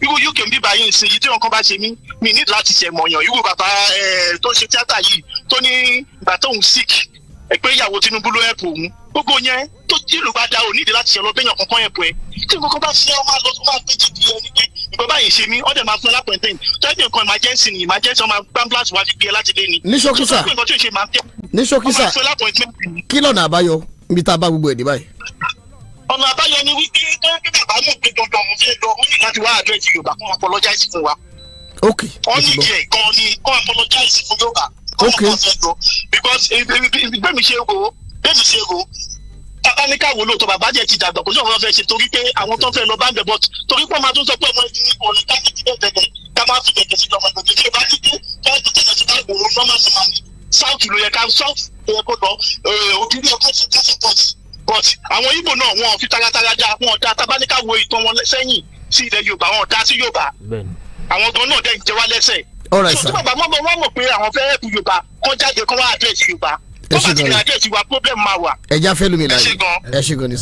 irú uk ń bíbá yìí sí yìí tí nǹkan bá ṣe mí mi ní láti ṣe mọ̀yàn irú bàbá tó ń ṣe tíátà yìí tó ní ìgbà tóun sick pé ìyàwó Tinubu ló ẹ̀pù òun gbogbo yẹn tó jìlù bá da ò nídìí láti ṣe ọlọ́bẹ̀yàn kankan ẹ̀pù ẹ̀ tí nǹkan bá ṣe ọmọ àlọ́ tó máa gbé jìbì ẹni pé ìgbà báyìí ṣe mí ọ̀dẹ̀ máa fún alápẹ̀ntẹ́yìn tẹ́lẹ̀ nǹkan emergency ni emergency ọmọ gbàǹgbàǹsì wá ti gbé ẹ láti lé ni. ní ṣókísà ní ṣókísà kí lọ́nà àbáyọ níbi bá gbogbo ẹ̀ dé báyìí ọ̀nà àbáyọ ni wípé tó ń gbé bàbá mọ̀ pé dandan òun fẹ́ lọ wọ́n ní láti wá àdírẹ́sì yorùbá fún apologize fún wa. ok wọ́n ní díẹ̀ kan ni kó apologize fún yorùbá kó wọ́n fẹ́ lọ because gbẹ̀mí ṣe wo gbẹ̀mí ṣe wo káníkà wo lóòótọ́ bàbá jẹ́ ti dàgbà kò sí ọ̀rọ̀ fẹ́ ṣe torí pé àwọn tó ń fẹ́ lọ bá ń bẹ̀ bọ́t torí pé ọmọ tó ń sọ pé ọmọ ẹni ọ̀nà ká but àwọn Ìgbò náà wọn fi taratara dá wọn dá tabaníkà wo ìtàn wọn sẹ́yìn sí ilẹ̀ Yorùbá wọn dá sí Yorùbá àwọn gan náà dẹ̀ jẹ wá lẹ́sẹ̀ so tí bàbá mọ́mọ́ wọn mọ̀ pé àwọn fẹ́ ẹ̀bù Yorùbá kọ́ jáde kọ́ wá àdírẹ́sì Yorùbá kọ́ bá ti ní àdírẹ́sì wa problem máa wà. ẹ já fẹ́ lómi láàyè ẹ ṣe gan ni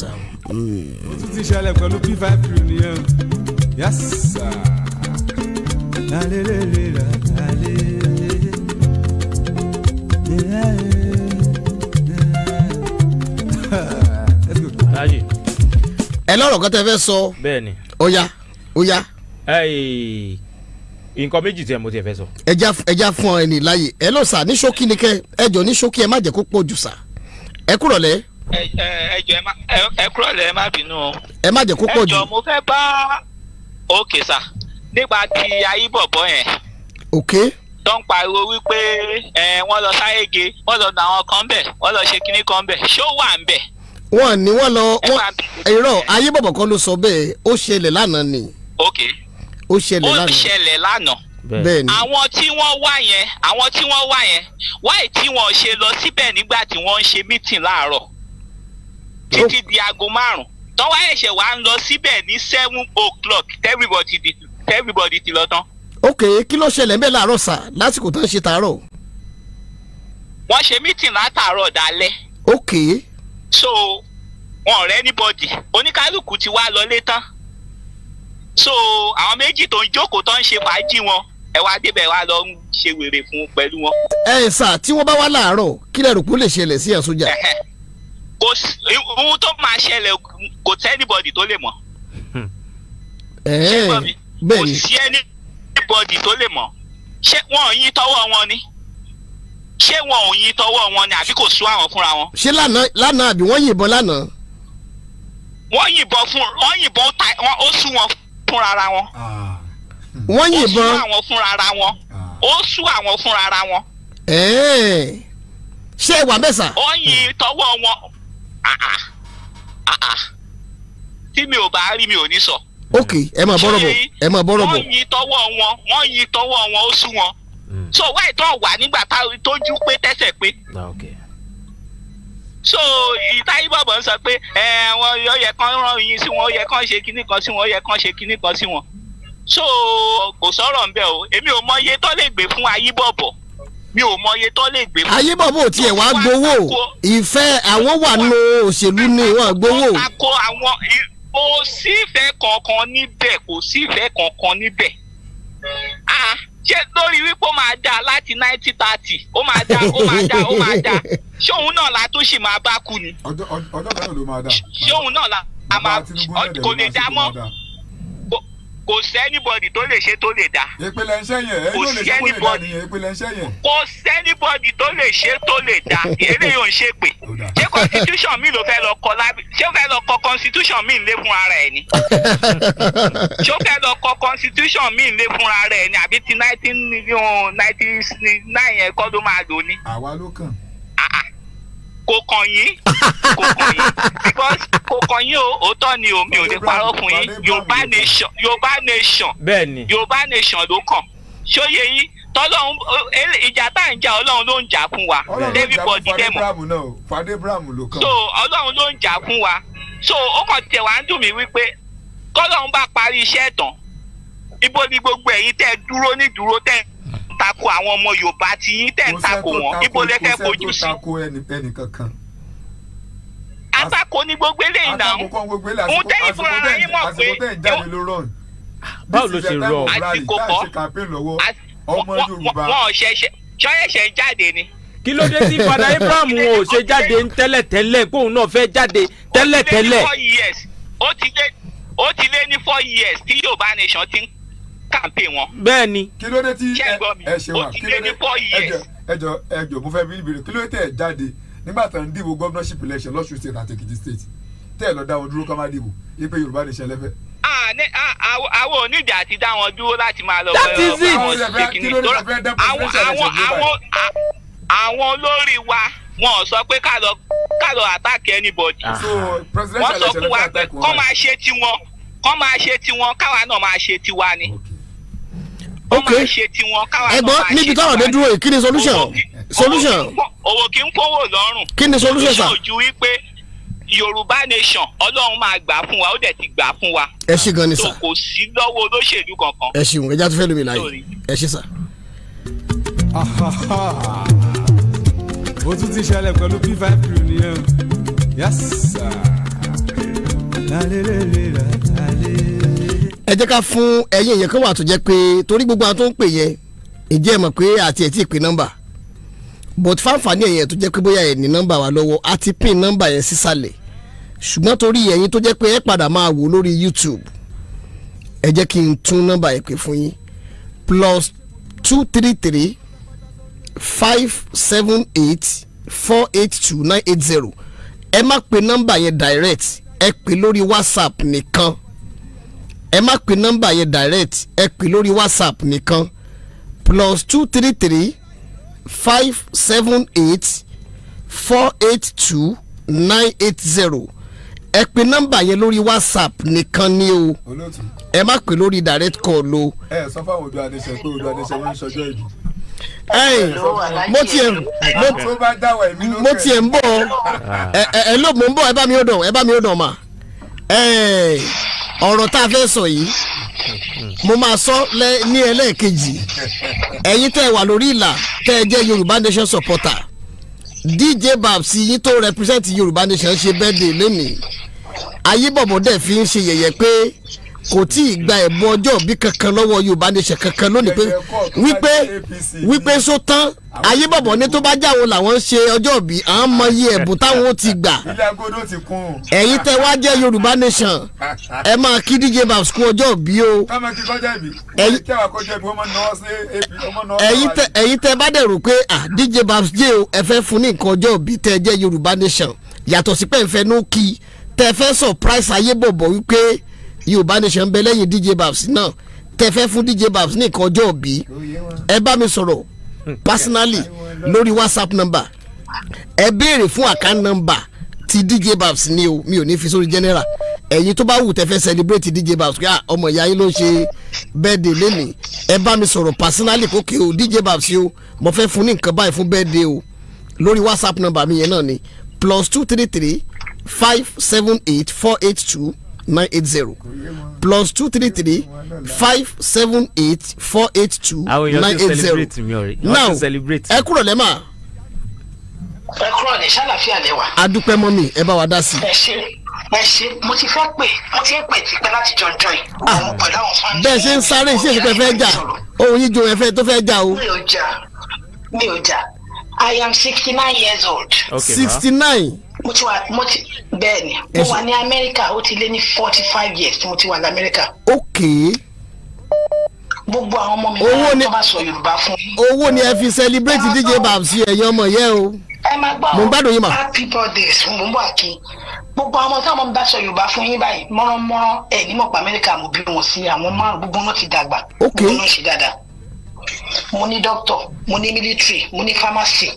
tún ti ṣẹlẹ̀ pẹ̀lú p five reunion yasa lalelele ẹ lọ́rọ̀ kan tẹ́ fẹ́ sọ. bẹ́ẹ̀ni. ó yá ó yá. nǹkan méjì tí mo ti fẹ́ sọ. ẹ já fún ọ ẹni láàyè ẹ lọ sà ní ṣókí ni kẹ ẹ jọ ní ṣókí ẹ má jẹ́ kó pọ̀ jù sà ẹ kúrọ̀ lẹ́. ẹ jọ ẹ kúrọ̀ lẹ́ ẹ má bínú o. ẹ má jẹ́ kó pọ̀ jù. ẹ jọ mo fẹ́ bá òkè sà nípa ti ayíbọ̀bọ̀ yẹn. òkè. tó ń pariwo wípé wọ́n lọ sáyége wọ́n lọ nà àwọn kan bẹ̀ wọ́n lọ ṣe kinní kan bẹ̀ ṣó wà ń bẹ̀ wọn ni wọn lọ irọ́ ayé bọ̀bọ̀ kan ló sọ bẹ́ẹ̀ ó ṣẹlẹ̀ lánàá ni. ok ó ṣẹlẹ̀ lánàá ó ṣẹlẹ̀ lánàá bẹ́ẹ̀ ni àwọn tí wọ́n wá yẹn àwọn tí wọ́n wá yẹn wáì tí wọ́n ṣe lọ síbẹ̀ nígbà tí wọ́n ń ṣe mítìn láàárọ̀ títí di aago márùn tọ́wọ́ ẹ̀ṣẹ̀ wa ń lọ síbẹ̀ ní seven o'clock everybody ti everybody ti lọ tán. ok kí ló ṣẹlẹ̀ ń bẹ̀ láàárọ̀ sà lásìkò tó ń ṣe tààrọ̀. wọ́n ṣe mítìn látàárọ̀ dalẹ́. ok. okay so wọn ọ̀rẹ́ anybody oníkálukú ti wá lọlé tán so àwọn méjì tó ń jókòó tó ń ṣe fàájì wọn ẹ wá débẹ̀ wá lọ ń ṣe wèrè fún pẹ̀lú wọn. ẹ ẹ sà tí wọ́n bá wá láàárọ̀ kí lẹ rò pé ó lè ṣẹlẹ̀ sí ẹ̀ sójà. kò ohun tó máa ṣẹlẹ̀ kò tẹ́ anybody tó lè mọ̀. bẹ́ẹ̀ ni kò sí anybody tó lè mọ̀ ṣé wọ́n yín tọwọ́ wọn ni ṣé wọn ò yin tọwọ́ wọn ni àbí kò sún àwọn fúnra wọn. ṣé lánàá àbí wọ́n yìnbọn lánàá. wọ́n yìnbọn fún wọ́n yìnbọn ta wọ́n ó sún wọn fúnra ra wọn. Ah. Hmm. wọ́n yìnbọn ó sún àwọn fúnra ra wọn ah. ó sún àwọn fúnra ra wọn. ṣé ẹ wà mẹ́sà. ó yin tọwọ́ wọn ah, tí mi ò bá rí mi ò ní sọ. ok ẹ máa bọ́rọ̀ bọ̀ ẹ máa bọ́rọ̀ bọ̀. wọ́n yin tọwọ́ wọn wọ́n yin tọwọ́ wọn ó sún wọn so why tó wà nígbà tójú pé tẹ́sẹ̀ pé ah, so ìtayíbọ̀bọ̀ ń sọ pé ẹ wọn yọ rán yín sí wọn yẹ kán ṣe kinní kan sí wọn yẹ kán ṣe kinní kan sí wọn so kò sọ̀rọ̀ ń bẹ̀ o èmi ò mọ iye tó lè gbé fún ayíbọ̀bọ̀ mi ò mọ iye tó lè gbé fún. ayíbọ̀bọ̀ ò tiẹ̀ wá gbowó ìfẹ́ àwọn wà ní òṣèlú ni wọ́n gbowó. kò sí kankan níbẹ̀ kò sí kankan níbẹ̀ ah, ṣé lórí wípé ó máa dáa láti ninety thirty ó máa dáa ó máa dáa ó máa dáa ṣé òun náà la tó ṣì máa bá kú ni. ṣé òun náà la kò lè dá mọ́ kò sẹ́nibọ̀dì tó lè ṣe tó lè dá. ìpìlẹ̀ ń ṣẹ́yìn ẹ̀ yóò lè ṣe kó lè dá nìyẹn ìpìlẹ̀ ń ṣẹ́yìn. kò sẹ́nibọ̀dì tó lè ṣe tó lè dá eré yóò ṣe pé ṣé constitution mi ló fẹ́ lọ kọ lábẹ́ ṣé ó fẹ́ lọ kọ constitution mi lé fún ara ẹ̀ ni. ṣé ó fẹ́ lọ kọ constitution mi lé fún ara ẹ̀ ni àbí ti nineteen oh, ninety nine yẹn kọ́ ló máa lò ní. àwa ló kàn. Ah, ah kò kàn because kò kàn yín o òótọ́ ni o mi ò lè parọ́ fún yín yorùbá nation yorùbá nation yorùbá nation ló kàn ṣóyè yín tọ́lọ́hún ìjà tá à ń jà ọlọ́run ló ń jà fún wa everybody dẹ́mọ̀ so ọlọ́run ló ń jà fún wa so ó kàn tẹ̀ wá ń dùn mí wípé kọ́lọ́run bá parí iṣẹ́ tán ibo ni gbogbo ẹ̀yin tẹ́ dúró ní dúró tẹ́ tako àwọn ọmọ Yorùbá tí yín tẹ̀ ń tako wọn ibo lẹ fẹ́ fojú sí. atako ni gbogbo eléyìí náà òun tẹ́yìn fúnra yín mọ̀ pé báwo ló ṣe rọ àsìkò kọ́ ọmọ Yorùbá wọn ṣẹ̀ṣẹ̀ ṣọ́yẹ̀ṣẹ̀ jáde ni kí ló dé tí fada Abraham wọn ṣe jáde tẹ́lẹ̀tẹ́lẹ̀ kóun náà fẹ́ jáde tẹ́lẹ̀tẹ́lẹ̀. ó ti lé ní four years tí Yorùbá nation ti ń kàǹpé wọn. bẹ́ẹ̀ni. kí ló tí ẹ ṣe wà kí ẹjọ ẹjọ ẹjọ mo fẹ́ bí ìbéèrè kí ló jáde nígbà tó ń dìbò governorship election lọ́sùn state àti èkìtì state tẹ lọ dá wọn dúró ká má dìbò yí yorùbá nation lẹ́fẹ̀ẹ́ àwọn onídìí àti dá wọn dúró láti máa lọ àwọn olórí wa wọn sọ pé ká lọ ká anybody ah. wọn sọ fún wa pé kọ́ máa ṣe tiwọn kọ́ máa ṣe tiwọn káwa náà máa ṣe tiwa ni. Okay ok ẹ̀gbọ́n níbi táwọn dé dúró yìí kí ni solution solution. owó kí n kówó lọ́rùn. kí ni solution sa. solution ojú wípé yorùbá nation ọlọ́run máa gbà fún wa ó dẹ̀ ti gbà fún wa. ẹ ṣe gan ni sa. kò sí lọ́wọ́ olóṣèlú kankan. ẹ ṣeun ẹja tó fẹ́ lómi láàyè ẹ ṣe sa. ó tún ti ṣẹlẹ̀ pẹ̀lú p five crew nìyẹn yasa. lálẹ́ lè lè rà lálẹ́ ẹ jẹ́ ká fún ẹ̀yin ìyẹn kan wà tó jẹ́ pé torí gbogbo àwọn tó ń pè yẹn ìjẹ́ ẹ̀ mọ̀ pé àti ẹ̀ tí pè nọ́mbà but fáǹfààní ẹ̀yẹn tó jẹ́ pé bóyá ẹ̀ ní nọ́mbà wa lọ́wọ́ a ti pin nọ́mbà yẹn sísàlẹ̀ ṣùgbọ́n torí ẹ̀yin tó jẹ́ pé ẹ padà máa wò lórí YouTube ẹ jẹ́ kí n tún nọ́mbà yẹn pè fún yín plus two three three five seven eight four eight two nine eight zero ẹ má pe nọ́mbà yẹn direct ẹ pè lórí WhatsApp nìkan ẹ má pe nọ́mbà yẹn direct ẹ pè lórí whatsapp nìkan plus two three three five seven eight four eight two nine eight zero ẹ pe nọ́mbà yẹn lórí whatsapp nìkan ni o ẹ má pè lórí direct call o. ẹ sọ fáwọn ojú adéṣe pé ojú adéṣe wọn ń ṣọjọ́ ìbí ẹyìn mo tiẹ̀ mo tiẹ̀ ń bọ̀ ah. ẹ ẹ ló mo ń bọ̀ ẹ bá mi ó dàn ẹ bá mi ó dàn mà ọ̀rọ̀ tá a fẹ́ sọ yìí mo máa sọ ní ẹlẹ́ẹ̀kejì ẹ̀yin tẹ́ ẹ wà lórí ìlà tẹ́ ẹ jẹ́ Yorùbá Nation supporter DJ Babs yín tó represent Yorùbá Nation ṣe birthday lónìí ayébọ̀bọ̀ dẹ̀ fi ń ṣe yẹ̀yẹ́ pé kò tí ì gba ẹ̀bùn ọjọ́ òbí kankan lọ́wọ́ Yorùbá nation kankan lónìí pé wípé wípé só tán ayé bọ̀bọ̀ ní tó bá jáwọ́ làwọn ń ṣe ọjọ́ òbí à ń mọyì ẹ̀bùn táwọn ó ti gbà ẹ̀yin tẹ wá jẹ́ Yorùbá nation ẹ máa kí DJ Babs kú ọjọ́ òbí o ẹ̀yin tẹ bá dẹ̀ rò pé DJ Babs jẹ́ o ẹ fẹ́ fún ní nǹkan ọjọ́ òbí tẹ jẹ́ Yorùbá nation yàtọ̀ sí pé ń fẹ́ kí tẹ fẹ́ surprise ayé bọ̀bọ̀ wípé yorùbá nation ń bẹ lẹ́yìn dj babs náà tẹfẹ́ fún dj babs ní nǹkan ọjọ́ òbí ẹ bá mi sọ̀rọ̀ personally lórí whatsapp number ẹ béèrè fún account number ti dj babs ni o mi ò ní fi sórí general ẹ̀yin tó bá wù tẹ́fẹ́ celebrate dj babs kí ah, ọmọ ìyá yín ló ń ṣe birthday lẹ́nìí ẹ bá mi sọ̀rọ̀ personally kókè o dj babs o mo fẹ́ fún ní nǹkan báyìí fún birthday o lórí whatsapp number mi yẹn náà ni plus two three three five seven eight four eight two nine eight zero plus two three three five seven eight four eight two nine eight zero now ẹ kúrò lẹ́mà. ẹ kúrò ní sálàfíà lẹ́wà. adúpẹ́ mọ́mì ẹ bá wa dá sí i. ẹ ṣe ẹ ṣe mo ti fẹ́ pè mo ti ń pè tipẹ́ láti jọjọ yìí. Ah, bẹ́ẹ̀ ṣe ń sáré iṣẹ́ ìṣẹ́fẹ́ fẹ́ jà ohun yíjo ẹ fẹ́ tó fẹ́ jà o. mi ò jà mi ò jà I am sixty nine years old. sixty okay, nine mo ti wà mo ti bẹ́ẹ̀ ni mo wà ní amẹ́ríkà ó ti lé ní forty five years tí mo ti wà ní amẹ́ríkà. okay. gbogbo àwọn ọmọ mi máa ń tọ́ sọ yorùbá fún mi. owó ni ẹ fi celebrate dj babs ẹ̀yin ọmọ yẹ o. ẹ máa gbọ́ mo ń gbádùn yín mà. happy birthdays mo ń bọ̀ kí gbogbo àwọn tí wọn bá sọ yorùbá fún yín báyìí mọ́rànmọ́rán ẹ̀ ní mọ̀pá amẹ́ríkà mo bí wọn sí àwọn márùn gbogbo wọn ti dàgbà. ok gbogbo wọn ṣe dáadáa mo ní dókítà mo ní mílítírì mo ní fámásì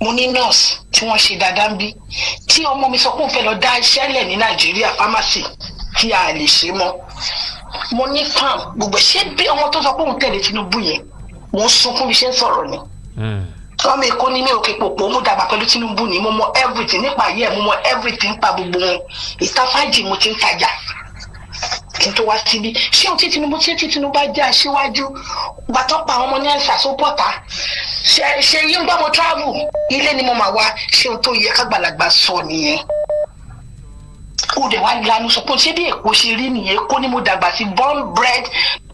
mo ní nurse tí wọ́n ṣe dáadáa ń bí tí ọmọ mi sọ pé ó fẹ́ lọ dá iṣẹ́ lẹ̀ ní nàìjíríà pharmacy tí a lè ṣe mọ́ mo ní farm gbogbo ṣé bí ọmọ tó sọ pé òun tẹ̀lé tinubu yẹn mo ń sunkún bí ṣe ń sọ̀rọ̀ ni wọ́n mi kó ní ní òkè pòpò mo dàgbà pẹ̀lú tinubu ni mo mọ everything nípa ayé ẹ̀ mo mọ everything pa gbogbo wọn ìtafájì mo ti ń tajà kí n tó wá síbi ṣé ohun tí Tinubu ṣé Tinubu bá jẹ́ aṣíwájú bàtọ́ pa àwọn ọmọ ní ẹ̀ṣà sópọ̀tà ṣe yí ń bá mo travel ilé ni mo máa wá ṣé ohun tó yẹ kágbàlagbà sọ nìyẹn ó dẹ̀ wá lanu sọ pé ṣé bí èkó ṣe rí nìyẹn kó ni mo dàgbà sí born bred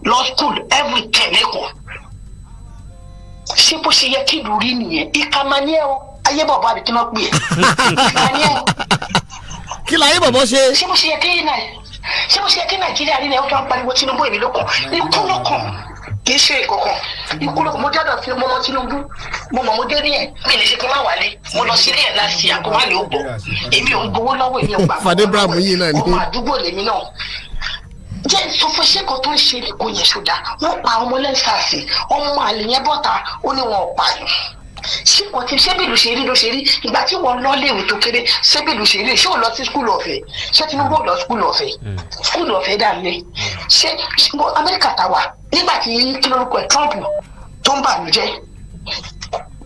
law school everything lẹ́kọ̀ọ́ ṣé bó ṣe yẹ kí ìlú rí nìyẹn ìka máa ní ẹ o ayé bàbá àbí kí n máa pè é ìka ní ẹ o. kí la ayé bàbá ṣe. ṣé bó ṣe yẹ kí náà ṣé mo ṣe yẹ kí nàìjíríà rí ni ẹ tó ń pariwo tinubu èmi ló kàn ikú ló kàn kì í ṣe ìkọ̀kọ̀ ikú ló kàn mo jáde fi mọ́mọ́ tinubu mo mọ̀ mo dé ní ẹ̀ mi lè ṣe kí n má wálé mo lọ sílé ẹ̀ láti àgbo má lè ó gbọ́ èmi ò ń gbowó lọ́wọ́ èmi ò gbà ọmọ àdúgbò lèmi náà jẹ́ ìsọfọ́ṣẹ́ kan tó ń ṣe lè kó yẹn ṣó dáa wọ́n pa ọmọ lẹ́sàsì ọmọ àlè yẹn bọ́ta ó ní wọn ò pààyàn ṣé wọ́n ti ṣé bílù ṣe rí ló ṣe rí ìgbà tí wọ́n lọ léwu tó kéré ṣé bílù ṣe rí ṣé ò lọ sí skul ọ̀fẹ́ ṣé Tinubu ò lọ skul ọ̀fẹ́ skul ọ̀fẹ́ dà ní ṣé Amẹ́ríkà tàwa nígbà tí kí lórúkọ ẹ̀ Trump tó ń bànújẹ́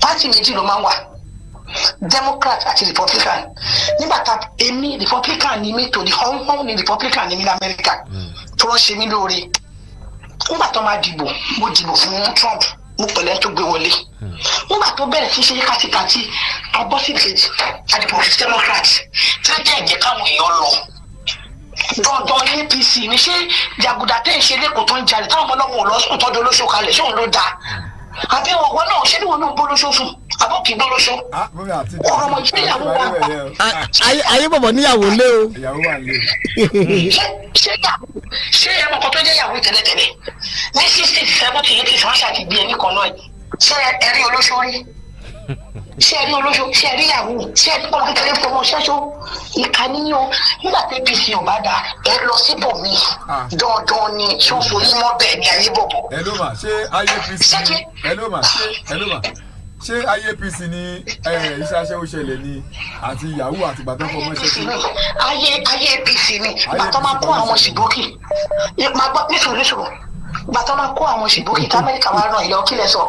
pátì méjì ló máa ń wà democrat àti republican nígbà tá èmi republican ni mi tòdì họ́nhọ́n ni republican ni mi lamẹ́ríkà hmm. tó wọ́n ṣe mí lóore nígbà tó máa dìbò mo dìbò fún trump mo pẹ̀lẹ́ tó gbé wọlé nígbà tó bẹ̀rẹ̀ sí ṣe kàtìkàtì abọ́sìtì àdìpọ̀ democrat tẹ́jẹ́ ìjẹ́ káwọn èèyàn lọ dandan ní apc ní ṣé jàgùdà tẹ́ ń ṣe lẹ́kọ̀ọ́ tó ń jalè táwọn ọmọ náà wọ̀ lọ́sùn tọ́jú olóṣù kalẹ̀ ṣé òun ló dáa àbí ọ̀wọ́ náà ṣé ni wọn náà bó lóṣooṣù àbọ̀ kì í bọ́ lóṣù. Ah, ọ̀rọ̀ ah, mọ̀ jẹ́ ìyàwó wa. ayé bọ̀bọ̀ níyàwó lé o. ṣé yàwó ṣé ẹmọ kan tó jẹ́ yàwó tẹ́lẹ̀tẹ́lẹ̀ ní sixty seventy eighty wọ́n ṣàtìgbé ẹni kan náà ṣé ẹ rí olóṣó rí ṣé ẹ rí olóṣó ṣé ẹ rí ìyàwó ṣé ẹ rí pọ́n kékeré fọmọ ṣẹ́ṣó ìkànnìyàn nígbà tí apc ò bá dáa ẹ lọ síbò mi ah. dandan ni ṣòfò yín mọ́ bẹ́ẹ̀ ni ayé bọ̀bọ̀. ẹ ló mà ṣé ayé apc ẹ ló mà ṣé ẹ ló mà ṣé IAPC ni iṣẹ́ aṣẹ́wó ṣẹlẹ̀ ni àti yahoo àti gbàtọ́ fọmọ iṣẹ́ sí. IAPC ni gbàtọ́ máa kó àwọn ṣìgbókì máa gbọ́ nísòrísòrò gbàtọ́ máa kó àwọn ṣìgbókì tí amẹ́ríkà wá ràn ìyá ọkílẹ̀ sọ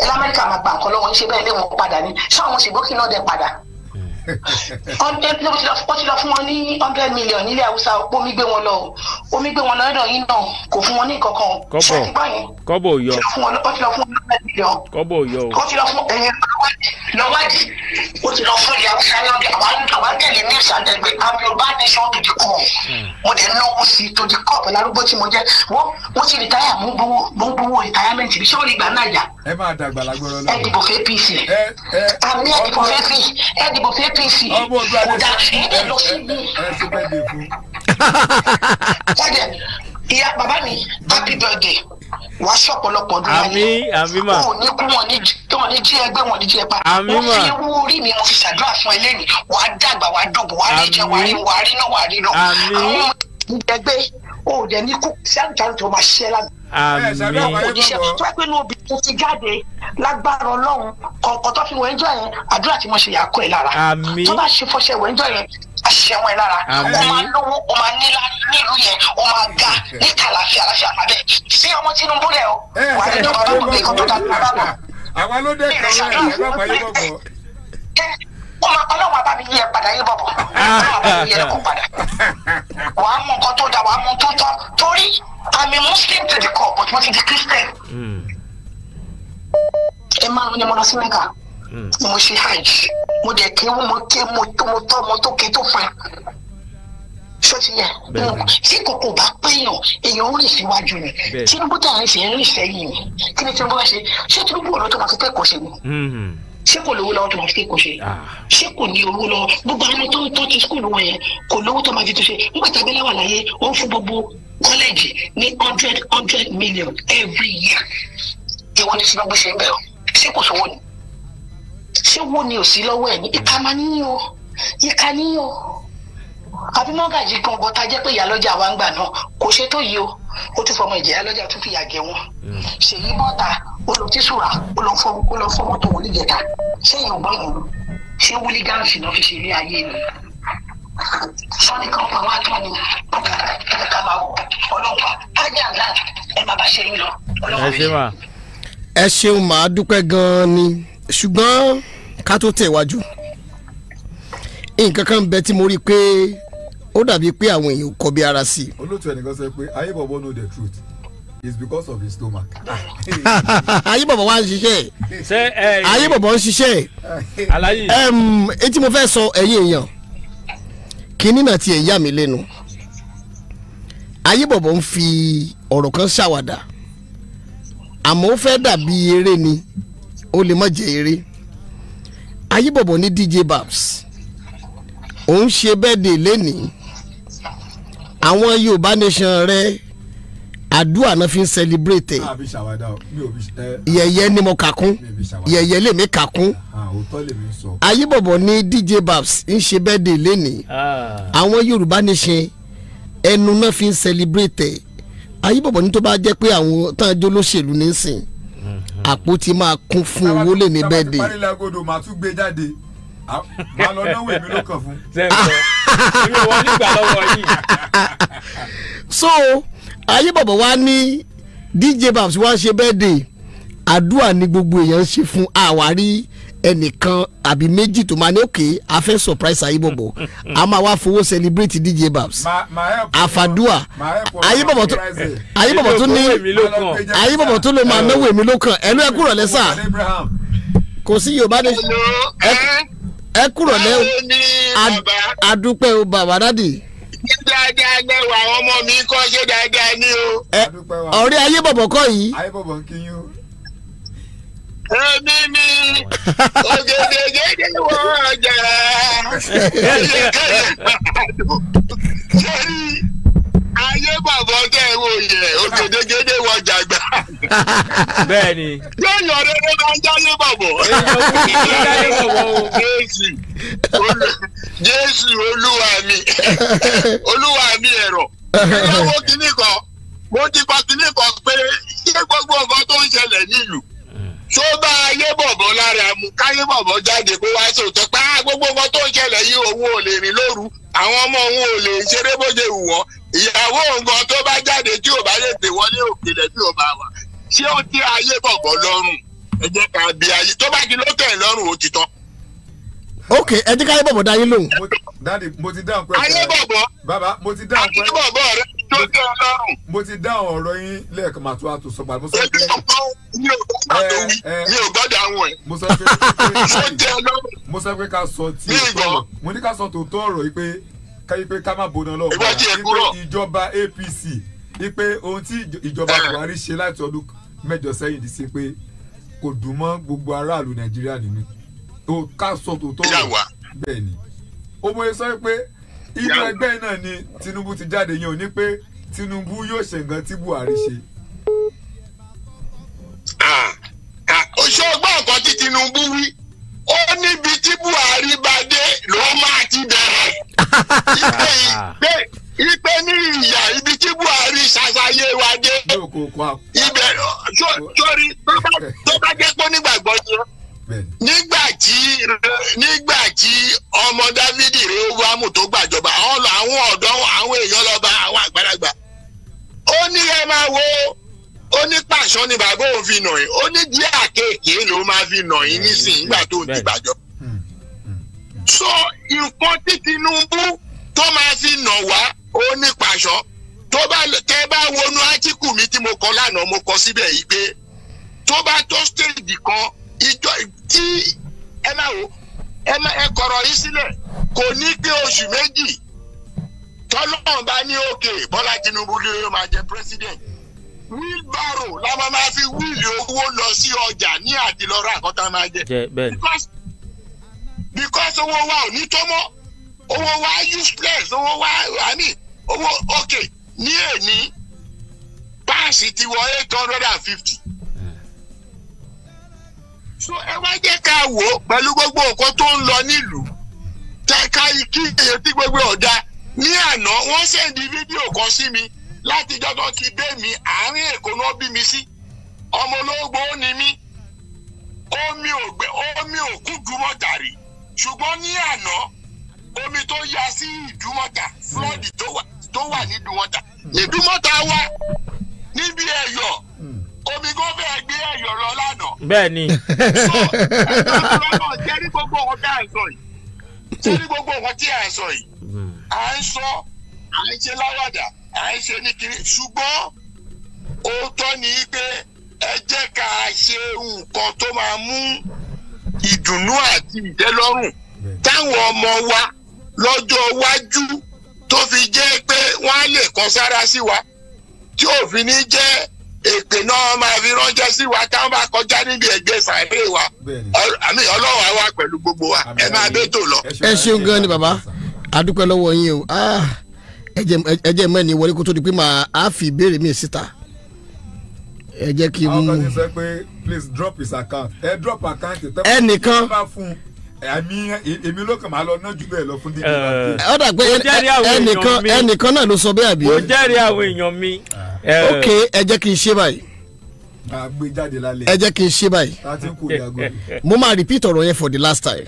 ẹ̀ lamẹ́ríkà máa gbà nǹkan lọ́wọ́ ń ṣe bẹ́ẹ̀ lé wọn padà ni ṣé àwọn ṣìgbókì náà dẹ̀ padà hundred ló ti lọ fún wọn ní hundred million nílẹ̀ haúsá omi gbé wọn lọ omi gbé wọn lọ lọ́dọ̀ yín náà kò fún wọn ní kankan kọ́bọ̀ kọ́bọ̀ yọ ó ti lọ fún hundred million kọ́bọ̀ yọ ó ti lọ fún ẹ̀yìn lọ́wọ́dì ó ti lọ fún ilẹ̀ haúsá lọ́dọ̀ àwọn ní ìsàtẹ̀gbẹ́ àmì nation tó ti kọ̀ hmm. mo dẹ̀ náwó sí i tó ti kọ̀ pẹ̀lú arúgbó tí mo jẹ́ wọ́n ti rìtáyà mo gbowó rìtáyàmẹ́ntì bí sọ́ọ́ ẹ máa dàgbà lágbọ́rọ́ lọ. ẹ dìbò pc. APC àmì ẹ dìbò fún APC ẹ dìbò fún APC kódà ẹ dẹ lọ sí mi. ìyá bàbá mi happy birthday wàá ṣe ọ̀pọ̀lọpọ̀ ọdún láyé wọn ò ní kú wọn ní jí ẹgbẹ́ wọn ní jí ẹpa wọn fi ewu orí mi mo fi ṣàdúrà fún ẹ lẹ́nu wàá dàgbà wàá dògbò wàá rí jẹ wàá rí wàá rí náà wàá rí náà àwọn ọmọ ẹgbẹ́ ò dẹ̀ ní kú sí àjọyọ̀ tó máa ṣiṣẹ́ lánàá òjíṣẹ́ tó ẹ pé ní obì tó ti jáde lágbára ọlọ́run kọ̀ọ̀kan tó fi wọ́n ẹjọ́ yẹn àdúrà tí wọ́n ṣe yà kọ́ ẹ lára tó bá ṣe fọṣẹ wọ́n ẹjọ́ yẹn àṣìṣe wọn ẹ lára o máa lówó o máa nílá nílùú yẹn o máa ga ní kàlàfíà àlàfíà àbẹ sí ọmọ Tinubu rẹ o wà á níjọba ọlọ́run bí kọ́ńtà àbábọ̀ àwọn alóde kan rẹ bá mi yẹ padà yé bọ̀bọ̀ ọlọ́run bàbá mi yẹ kó padà wàá mú nǹkan tó da wàá mú tó tọ́ torí I'm a Muslim to the core, but mo is. di Christian. Ẹ máa ń ní mo lọ sí Mẹ́kà. Ni mo ṣe hajj. Mo dẹ̀ kí mo kí mo tó mo tọ́ mo tó kí tó fa. Ṣọ́ọ̀tì yẹn. Tí kòkò bá péyàn, èèyàn ń rìn síwájú ni. Tinubu tàn án sì ń rìn sẹ́yìn ni. Kí ni Tinubu bá ṣe? Ṣé Tinubu ọ̀rọ̀ tó máa fi kẹ́kọ̀ọ́ ṣe ni? Hmm ṣé kò lówó lọ́wọ́ tó máa fi kò ṣe ah. ṣé kò ní owó lọ́wọ́ gbogbo àwọn tó ń tọ́ ti wọn yẹn kò lówó tó máa fi tó ṣe nígbà tí Abíọ́lá wà láyé ó fún gbogbo kọ́lẹ́jì ní hundred hundred million every year ìwọ ni sinagbe ṣe ń bẹ̀rù ṣé kò sówó ni ṣé wo ni ò sí lọ́wọ́ ẹ̀ ní ìka máa níyàn o ìka níyàn o àbí mọ́gàjì gangan ta jẹ́ pé ìyálọ́jà wa ń gbà náà kò ṣe tó yìí o ó tún fọmọ ìjẹ́yà lọ́jà tún fi yà gẹ̀ ṣèyí bọ́ta ó lọ sí sùrà ó lọ fọ ó lọ fọ mọ́tò wọn níjẹta sẹ́yìn ọgbọ́n wọn ṣé wúlí gáàsì náà fi ṣe ní ayé ni sọ́ni kan pa wá tó ni ká máa wọ ọlọ́pàá ájà ńlá ẹ má bá ṣe yín lọ. ẹ ṣe wà. ẹ ṣeun màá dúpẹ́ gan-an ni ṣùgbọ́n ká tó tẹ̀ wájú nǹkan kan bẹ tí mo rí i pé ó dàbí pé àwọn èèyàn kọbi ara sí olóòtú ẹnìkan sọ pé ayé bọ̀bọ̀ know the truth it's because of his stomach. ayé bàbá wa ń ṣiṣẹ́ ṣe ẹ ayé bàbá ń ṣiṣẹ́ alaye etí mo fẹ́ sọ ẹ̀yin èèyàn kínní náà tiẹ̀ yà mí lẹ́nu ayé bàbá ń fi ọ̀rọ̀ kan ṣàwàdà àmọ́ ó fẹ́ dàbí eré ni ó lè má jẹ́ eré ayé bàbá ní DJ Babs òun ṣe bẹ́ẹ̀ dè lẹ́nìí àwọn Yorùbá nation rẹ̀ àdúrà náà fi ń celebrate ah, eh, ah. yẹ̀yẹ́ ni mo kà kún yẹ̀yẹ́ lèmi kà kún ah, ni dj babs ń ṣe birthday lẹ́nìí àwọn yorùbá ní ẹnu náà fi ń celebrate ayébọ̀bọ̀ ní tó bá jẹ́ pé àwọn tán ajó lóṣèlú ní sìn mm-hmm. àpótí máa kún fún owó lè ní birthday. tábàtí so ayé bàbá wa ní dj babs wa ṣe birthday àdúrà ni gbogbo èèyàn ṣe fún àwárí ẹnìkan àbí méjì tó máa ní òkè a fẹ́ surprise ayé bọ̀bọ̀ a máa wá fowó celebrate dj babs àfàdúà ayé bọ̀bọ̀ tó ayé bọ̀bọ̀ tó ní ayé bọ̀bọ̀ tó ló máa náwó èmi lókàn ẹnu ẹ kúrò lẹ́sà kò sí yorùbá ní eh? ẹ kúrò lẹ́ adúpẹ́ o bàbá dádì ṣé dáadáa lẹ́wọ̀ àwọn ọmọ mi kọ́ ṣé dáadáa ọ̀rẹ́ ayé bọ̀bọ̀ kọ́ yìí. ayé bọ̀bọ̀ kí yín o. Èmi ni ògèdègèdè wọ́n ọjà. Ṣé ìkẹyà àdùn? Ṣé ìkẹyà àdùn? ayé bàbá tẹ ẹ wò yẹ ògèdègèdè wọ jàgbá. bẹ́ẹ̀ni. yóò rere máa ń jáyé bàbọ̀. jésù jésù olúwa mi olúwa mi ẹ̀rọ. ìyàwó kìíní kan mo ti pa kìíní kan pé iye gbogbo nǹkan tó ń ṣẹlẹ̀ nílùú tó bá ayé bọ̀bọ̀ lára mu káyé bọ̀bọ̀ jáde kó wá sòótọ́ pé ah, gbogbo nǹkan tó ń ṣẹlẹ̀ yìí òun ò lè lóru àwọn ọmọ òun ò lè ṣeré bóde wù wọ́n ìyàwó nǹkan tó bá jáde tí ò bá lè pè wọlé òkèlè tí ò bá wà ṣé ó ti ayé bọ̀bọ̀ lọ́rùn ẹ jẹ́ ká bí ayé tó bá di lókè lọ́rùn ó ti tán. ok ẹ jẹ́ ká ayé bọ̀bọ̀ dáyé lóhùn. dáàdi mo ti dáhùn pẹ́ẹ́rẹ́ ayé bọ̀bọ̀ bàbá mo ti dáhùn pẹ́ẹ́rẹ́ ayé bọ̀bọ̀ rẹ tó tẹ́ ẹ lọ́rùn. mo ti dáhùn ọ̀rọ̀ yín lẹ́ẹ̀kan màtó àtò sọ pàdé. èmi ò gbọ́ mi ò gbọ́dọ̀ wí mi ò gbọ́dọ̀ àwọn ẹ̀. mo sọ pé ká sọ tòótọ́ ọ̀rọ̀ yìí pé káyí pé ká má bọ̀nà lọ wípé ìjọba APC wípé ohun tí ìjọba ah. Buhari ṣe láti ọdún mẹ́jọ sẹ́yìn ti ṣe pé kò dùn mọ́ gbogbo aráàlú Nàìjíríà nínú tó ká sọ tòótọ́ rẹ̀ bẹ́ẹ̀ ni ó mọ̀ sọ pé inú ẹgbẹ́ náà ni Tinubu ti jáde yẹn ò ní pé Tinubu yóò ṣe nǹkan tí Buhari ṣe. Ah, ah, oṣù ọgbọ́n kan tí Tinubu wí ó níbi tí Buhari bá dé ló máa ti bẹ̀rẹ̀ ipe ní ìyá ibi tí Buhari ṣàṣàyè wa dé ibẹ̀ sórí tó bá jẹ́ pé onígbàgbọ́ ni ó nígbà tí nígbà tí ọmọ Dávidi Rehoboamu tó gbàjọba àwọn ọ̀dọ́ àwọn èèyàn lọ́ba àwọn àgbàlagbà ó ní ẹ máa wo ó ní pàṣọ ni bàbá òun fi nà yín ó ní díẹ̀ àkéèké ló máa fi nà yín nísìnyí nígbà tó ń hmm, hmm, dìgbàjọ. Hmm, so nǹkan tí Tinubu tó máa fi nà wá ó ní pàṣọ tó bá tẹ bá wọnú átíkù mi tí mo kọ lánàá mo kọ síbẹ̀ yìí pé tó bá tó stéèjì kan ìjọ tí ẹ máa wò ẹ kọ̀rọ̀ yín sílẹ̀ kò ní pé oṣù méjì tọ́lọ́mọba ní òkè Bọ́lá Tinubu ló máa jẹ president wheelbarrow la máa máa fi wíìlì owó lọ sí ọjà ní àdìlọ́ra àkọ́tà máa jẹ. because because owó wa ò ní tó mọ́ owó wa useless owó wa i mean owó ok ní èní páàsì ti wọ eight hundred and fifty so ẹ wá jẹ́ ká wò ó pẹ̀lú gbogbo nǹkan tó ń lọ nílùú tẹ́ka kí èyí tí gbogbo ọ̀dà ní àná wọ́n sẹ́ndí fídíò kan sí mi láti jọ́jọ́ ti bẹ́ mi àárín èkó náà bí mi sí ọmọ olóògbé ó ní mí omi ògbẹ omi òkú dùmọ̀tà rí ṣùgbọ́n ní àná omi tó ya sí ìdùmọ̀tà flọ́ọ̀dì tó wà ní dùmọ̀tà ìdùmọ̀tà wa níbi ẹ̀yọ̀ omi kò fẹ́ gbé ẹ̀yọ̀ lọ lánàá. bẹ́ẹ̀ni. so ọlọ́run jẹ́ ní gbogbo ọ̀hún tí yìí jẹ́ gbogbo ọ̀hún tí à yìí à ń sọ à ń ṣe láwàdà à ń ṣe ní kiri ṣùgbọ́n òótọ́ ni pé ẹ jẹ́ ká ṣe nǹkan tó máa mú ìdùnnú àti ìtẹ́lọ́rùn táwọn ọmọ wa lọ́jọ́ iwájú tó fi jẹ́ pé wọ́n á lè kọ sára sí wa tí òfin ní jẹ́ èpè náà máa fi ránṣẹ́ sí wa táwọn bá kọjá níbi ẹ̀gbẹ́ sàárè wa àmì ọlọ́run àwa pẹ̀lú gbogbo wa ẹ máa bẹ́tò lọ. ẹ ṣeun gan ni bàbá a dúpẹ́ lọ́wọ́ yín o. Ah ẹ jẹ́ mẹ́ni wọlé kó di pé màá á fi ìbéèrè mi síta ẹ jẹ́ kí n mú. ọkọ ti sọ pé please drop his account ẹ drop account tẹ́lẹ̀ ẹnìkan àmì èmi ló kàn máa lọ ná jù bẹ́ẹ̀ lọ fún dídí. Eh. ó dà pé ẹnìkan ẹnìkan náà ló sọ bẹ́ẹ̀ àbí. mo jẹ́rìí àwọn èèyàn mi. Ah. Eh. ok ẹ jẹ́ kí n ṣe báyìí. a gbé jáde lálẹ́. ẹ jẹ́ kí n ṣe báyìí. a ti ń ìyàgò. mo máa repeat ọ̀rọ̀ yẹn for the last time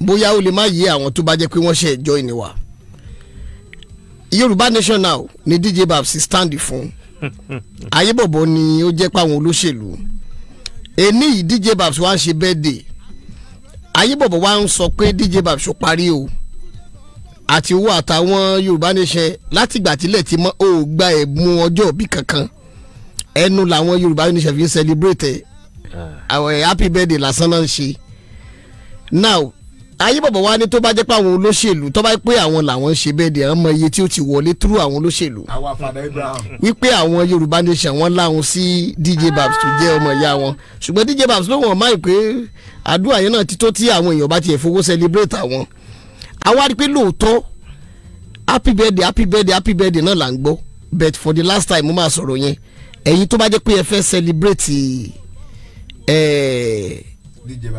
bóyá o lè má yé àwọn tó bá jẹ́ pé wọ́n ṣe join wa yorùbá national ni dj babsi stand fún ayébọ̀bọ̀ ni ó jẹ́ páwọn olóṣèlú ẹni yìí dj babsi wá ń ṣe birthday ayébọ̀bọ̀ wá ń sọ pé dj babsi ó parí o àti owó àtàwọn yorùbá nation látìgbà tílẹ̀ ti mọ́ ó gba ẹ̀bùn ọjọ́ òbí kankan ẹnu làwọn yorùbá nation fi ń celebrate ẹ̀ ah. happy birthday lásán náà ń ṣe now ayébọ̀bọ̀ wa ni tó bá jẹ́ pé àwọn olóṣèlú tó bá pé àwọn làwọn ṣe bẹ́ẹ̀ dẹ̀ ọmọ iye tí ó ti wọlé túrú àwọn olóṣèlú. àwa fàdà Ibrahim. wípé àwọn Yorùbá nation wọn láwọn sí DJ Babs tó jẹ́ ọmọ ìyá wọn ṣùgbọ́n DJ Babs ló wọ̀n máa pé àdúrà yẹn náà ti tó tí àwọn èèyàn bá tiẹ̀ fowó celebrate àwọn. àwa rí i pé lóòótọ́ happy birthday happy birthday happy birthday náà là ń gbọ́ but for the last time mo máa sọ̀rọ̀ yẹn ẹ̀yin tó bá jẹ́ pé ẹ fẹ́ celebrate ẹ̀ẹ́ eh,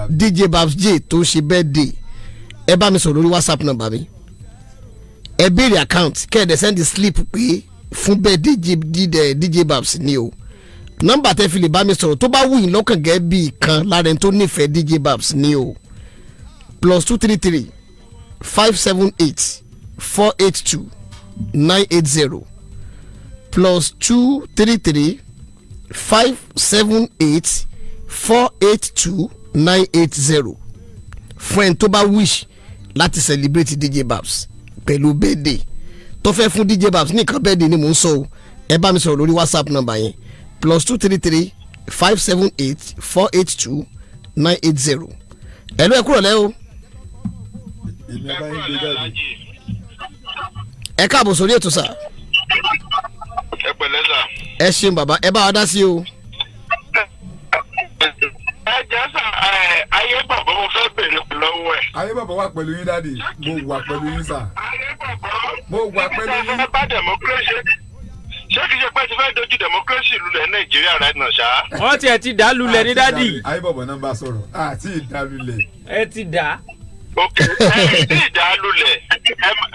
DJ Babs J tó ṣe birthday ẹ bá mi sọ̀rọ̀ lórí whatsapp number mi ẹ béèrè account send the slip pé fún bẹ́ẹ̀ DJ dídẹ̀ díje babs ni o nọ́mbà tẹ́ fi lè bá mi sọ̀rọ̀ tó bá wù yín lọ́kàn gẹ́gẹ́ bí kan lára ẹni tó nífẹ̀ẹ́ díje babs ni o plus two three three five seven eight four eight two nine eight zero plus two three three five seven eight four eight two nine eight zero Friend ẹni tó bá wish láti celebrate DJ Babs pẹ̀lú birthday tó fẹ́ fún DJ Babs ní nǹkan birthday ni mò ń sọ o ẹ bá mi sọ̀rọ̀ lórí WhatsApp number yẹn plus two three three five seven eight four eight two nine eight zero ẹ ló ẹ kúrò lẹ́ o. ẹ káàbọ̀ sórí ètò sà. ẹ pẹ̀lẹ́ sà. ẹ ṣeun bàbá ẹ bá wa dá sí o ẹ jẹ́ sà ẹ ayé bàbá mo fẹ́ bèrè lọ́wọ́ ẹ̀. ayé bàbá wà pẹ̀lú yín dáàdi mo wà pẹ̀lú yín sà. ayé bàbá mo wà pẹ̀lú yín. ẹ bá democracy ṣé kìí ṣe pé ti fẹ́ dojú democracy lulẹ̀ nàìjíríà rẹ̀ nà ṣá. wọ́n tiẹ̀ ti dá lulẹ̀ ní dáàdi. ayé bàbá náà ń bá sọ̀rọ̀ àti ìdá lulẹ̀. ẹ ti dá. ok ẹ ti dá lulẹ̀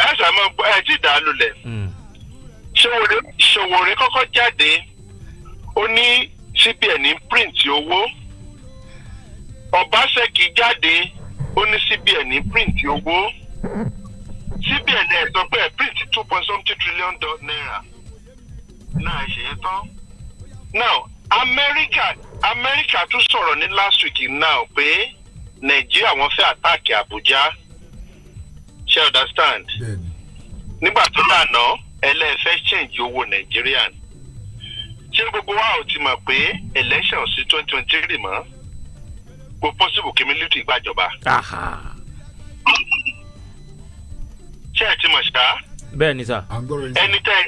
ẹ sàmọ́ ẹ ti dá lulẹ̀. Hmm. ṣòwòrè kọ́kọ́ jáde ó ní cbn ń print owó. Mm Obaseki jáde ó ní CBN print owó CBN ẹ̀ sọ pé print two point something trillion naira náà ṣe é tán now America America tún sọ̀rọ̀ ní last week now pé Nàìjíríà wọ́n fẹ́ àtàkì Àbújá ṣe understand nígbà tó dànà ẹlẹ́fẹ́ change owó Nàìjíríà ṣé gbogbo wa ò ti mọ̀ pé election sí twenty twenty three mọ́ kò possible kí military gbàjọba. ṣé ẹ ti mọ̀ ṣá. bẹ́ẹ̀ ni sà. ẹni tẹ́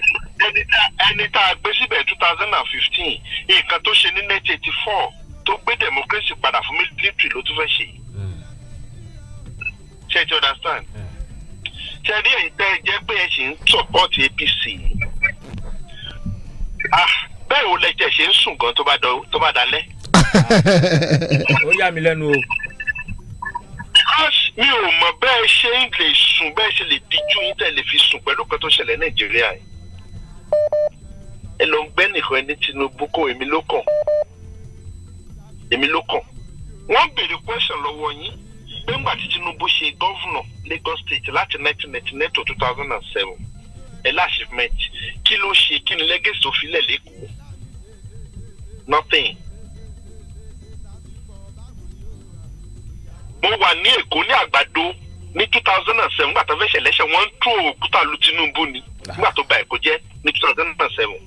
ẹni tá a gbé síbẹ̀ two thousand and fifteen nǹkan tó ṣe ní nineteen eighty four tó gbé democracy padà fún military ló tún fẹ́ ṣe. Hmm. ṣé ẹ ti understand. Hmm. ṣé ẹ rí ẹ̀yin tẹ́ ẹ jẹ́ pé ẹ ṣì ń support APC. Ah, bẹ́ẹ̀ wo lẹ jẹ́ ṣe ń sùn gan tó bá dalẹ́ ó yà mí lẹ́nu o. because mi ò mọ bẹ́ẹ̀ ṣe ń lè sùn bẹ́ẹ̀ ṣe lè díjú yín tẹ̀lé fi sùn pẹ̀lú kan tó ṣẹlẹ̀ nàìjíríà yìí ẹ lọ ń gbẹ́ nìkan ẹni tinubu kó èmi ló kàn èmi ló kàn wọ́n béèrè question lọ́wọ́ yín gbẹ́ngbà tí tinubu ṣe gọ́vùnà lagos state láti nineteen ninety nine to two thousand and seven ẹ láṣìfẹ́mẹ̀tì kí ló ṣe kí ni lẹ́gẹ̀ẹ́sì òfin lẹ̀ lẹ́kọ̀ọ́ nothing. mo wà ní èkó ní àgbàdo ní two thousand and seven nígbà tó fẹ́ wọ́n ń tú òkúta lu Tinubu ni nígbà ba èkó jẹ́ ní two thousand and seven.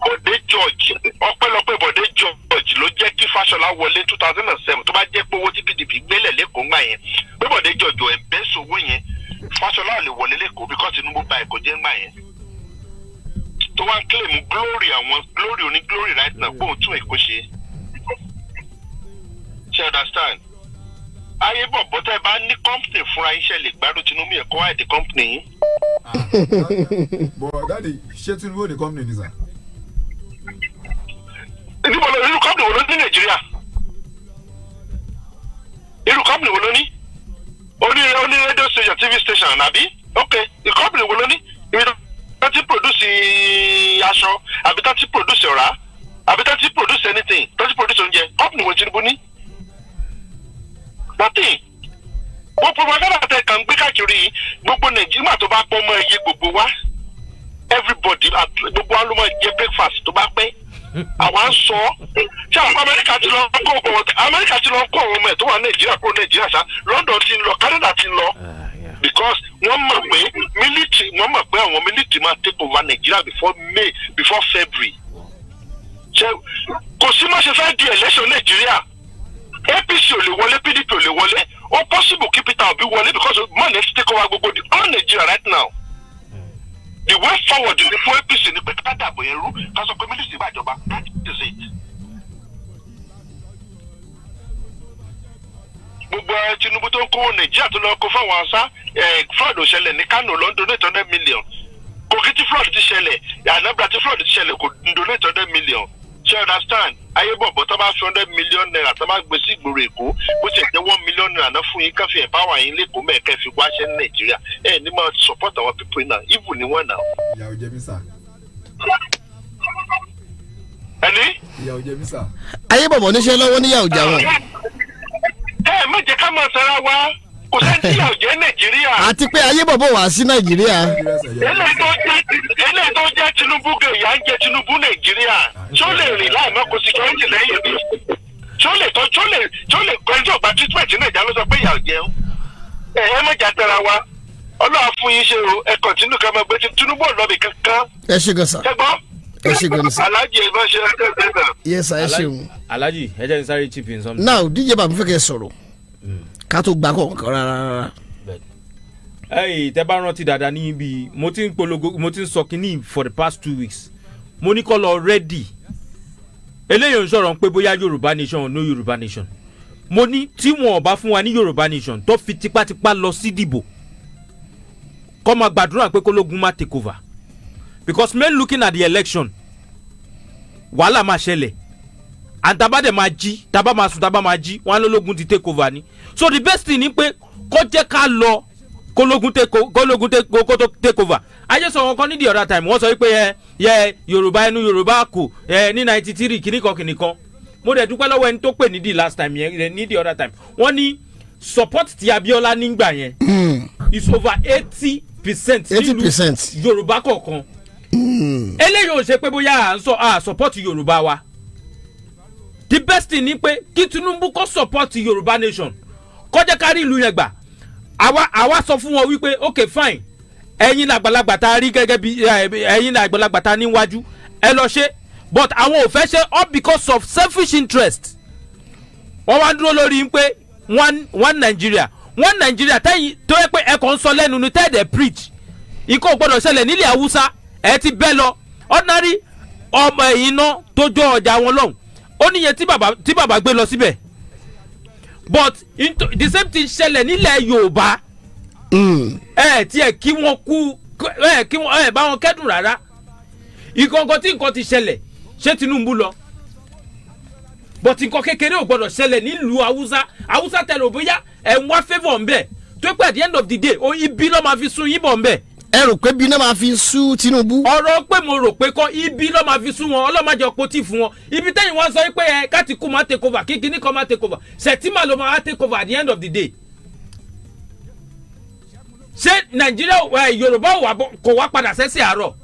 Bọ̀dé George ọpẹ́lọpẹ́ Bọ̀dé George ló jẹ́ kí Fáṣọlá wọlé two thousand and seven tó bá jẹ́ pé owó tí PDP gbélẹ̀ lẹ́kọ̀ọ́ ńgbà yẹn pé Bọ̀dé George ò ẹ̀bẹ́ sòwò yẹn Fáṣọlá ò lè wọlé lẹ́kọ̀ọ́ bí kò Tinubu ba èkó jẹ́ ńgbà yẹn tó wá ń kílèmù glory àwọn glory oní glory right now pé tún èkó ṣe ṣe understand ayé bọ̀ bọ́tẹ́ bá ní company fúnra iṣẹ́ lè gbádùn tinubu yẹn kó wáyé di company yín. Ah, bọ̀ dáàdi ṣé tinubu ò ní company ni sà. níbo ló irú company wo ló ní nàìjíríà irú company wo ló ní oní oní radio station tv station àbí ok company wo ló ní ibi tó ti produce aṣọ àbí tó ti produce ọ̀rá àbí tó ti produce anything tó ti produce oúnjẹ company wo tinubu ní nothing wọ́n propaganda tẹ kàn ń gbé káàkiri gbogbo nàìjíríà tó bá pọ́ mọ́ iye gbogbo wa everybody gbogbo wa ló máa jẹ breakfast tó bá pẹ́ àwa ń sọ ṣé àwọn amẹ́ríkà ti lọ kó amẹ́ríkà ti lọ kó àwọn ọmọ ẹ̀ tó wà nàìjíríà kó nàìjíríà sá london ti lọ canada ti lọ ah, because wọ́n mọ̀ pé military wọ́n mọ̀ pé àwọn military máa take over nàìjíríà before may before february ṣe kò sí má ṣe fẹ́ di election nàìjíríà apc ò lè wọlé pdp ò lè wọlé ó possible kí peter obi wọlé because money ti take over gbogbo the all nigeria right now hmm. the way forward ni fún apc ni pé ká dàbò yẹn rú ká sọ pé mílíọ̀sì ìbàjọba that is it. gbogbo eh, tinubu tó ń kó nàìjíríà tó lọ kó fáwọn asá eh, flood ò ṣẹlẹ̀ ní kano ló ń donate hundred million kogi tí flood ti ṣẹlẹ̀ anambra tí flood ti ṣẹlẹ̀ kò ń donate hundred million ṣe understand ayébọ̀bọ̀ tó bá two hundred million naira tó bá gbé sí ìgboro èkó bó ṣe jẹ́ one million naira náà fún yín káfíń ẹ̀páwà yín lẹ́kọ̀ọ́ mẹ́ẹ̀kẹ́ fi wáṣẹ́ ní nàìjíríà ẹ̀ ní máa support our people na. even ni wọ́n náà. ìyàwó jẹ mí sà. ẹni. ìyàwó jẹ mí sà. ayébọ̀bọ̀ níṣẹ́ lọ́wọ́ níyàwó jà wọn. ẹ ẹ má jẹ́ ká máa sara wa kò sẹ́ńtì àjẹ́ nàìjíríà. àti pé ayé bọ̀bọ̀ wá sí nàìjíríà. eléyìí tó jẹ́ tinubu gẹ̀ ìyá ń jẹ tinubu nàìjíríà tí ó lè rìn láì mọ́ kò sí kẹ́ńtì lẹ́yìn mi tí ó lè tọ́ tí ó lè tí ó lè kọ́ ẹjọ́ gba treatment nàìjà ló sọ pé ìyá ọ̀jẹ̀ o ẹ̀ ẹ́ mọ̀jà tẹra wa ọlọ́wà fún yín ṣe o ẹ kọ̀tínú kan máa gbé tinubu ọ̀lọ́bì kankan. ẹ ṣe gan sa ẹ ṣe gan sa. alhaji ẹ bá ṣe ẹ tẹ̀sán. yes sir ẹ ṣeun. alhaji ẹ jẹ́ ní sáré chip in something. now dj babu fẹ́ kẹ́ sọ̀rọ̀ ká tó gba kọ̀ọ̀kan rárá. ẹyìn tẹ bá rántí dáadáa ní ibi mo ti ń polongo mo ti ń sọ kínní for the past two weeks mo ní kọ́ lọ rẹ́dì eléyìí ń sọ̀rọ̀ pé bóyá yorùbá nation ò no yorùbá nation mo ní tí wọn ò bá fún wa ní yorùbá nation tó fi tipátipá lọ sí dìbò kọ́ máa gbàdúrà pé kólógun má take over because men looking at the election wàhálà máa ṣẹlẹ̀ and tábà dẹ̀ máa jí tábà máa sùn tábà máa jí wọn lọ́lọ́gun ti take over ni so the best thing ni pé kó jẹ́ ká lọ kólógún kólógún take over ayé sọ kankan ní the other time wọ́n sọ pé ẹ yẹ yorùbá ẹnu yorùbá kù ẹ ní ninety three kìnnìkan kìnnìkan mo dẹ̀ dúpẹ́ lọ́wọ́ ẹni tó pè ní the last time yẹn ní the other time wọ́n ní support ti Abiola nígbà yẹn hmm. is over eighty percent nílùú yorùbá kọ̀ọ̀kan hmm. eléyìí ò ṣe pé bóyá à ń sọ à support yorùbá wa the best thing ni pé kí Tinubu kó support yorùbá nation kọjá kárí ìlú yẹn gbà àwa àwa sọ fún wọn wípé ok fine ẹ̀yin làgbàlagbà tá a rí gẹ́gẹ́ bí ẹ̀yin làgbàlagbà tá a níwájú ẹ lọ ṣe but àwọn ò fẹ́ ṣe all because of selfish interest wọ́n wá dúró lórí pé one Nigeria one Nigeria tẹ́yìn tó yẹ pé ẹ kàn ń sọ lẹ́nu ni tẹ́ẹ̀dẹ̀ preach ikọ̀ gbọ́dọ̀ ṣẹlẹ̀ nílẹ̀ haúsá ẹ ti bẹ́ lọ ordinary ọmọ ẹ̀yìn náà tó jọ ọjà wọn lọ́hùn ó níyẹn tí bàbá gbé lọ síbẹ̀ but into, the same thing ṣẹlẹ̀ nílẹ̀ yorùbá hmm. ẹ tiẹ̀ kí wọ́n kú ẹ kí wọ́n ẹ bá wọn kẹ́dùn rárá ìkọ̀ǹkọ̀ tí nǹkan ti ṣẹlẹ̀ ṣé tinubu lọ but nǹkan kékeré ò gbọdọ̀ ṣẹlẹ̀ nílùú haúsá haúsá tẹ̀lé òbóyá ẹ̀ ń wá favour ń bẹ̀ tó pẹ̀ at the end of the day ibi ló máa fi sun yín bọ̀ ń ẹ rò pé bí náà máa fi sú Tinubu. ọ̀rọ̀ pé mo rò pé kọ́ ibi ló máa fi sú wọn ọlọ́màjọ kò fún wọn ibi tẹ́yìn wọn sọ pé ẹ kátìkù máa take over kíkiní kan máa take Sẹ̀tìmà ló máa take at the end of the day. ṣé Nàìjíríà Yorùbá kò wá padà sẹ́sẹ̀ àárọ̀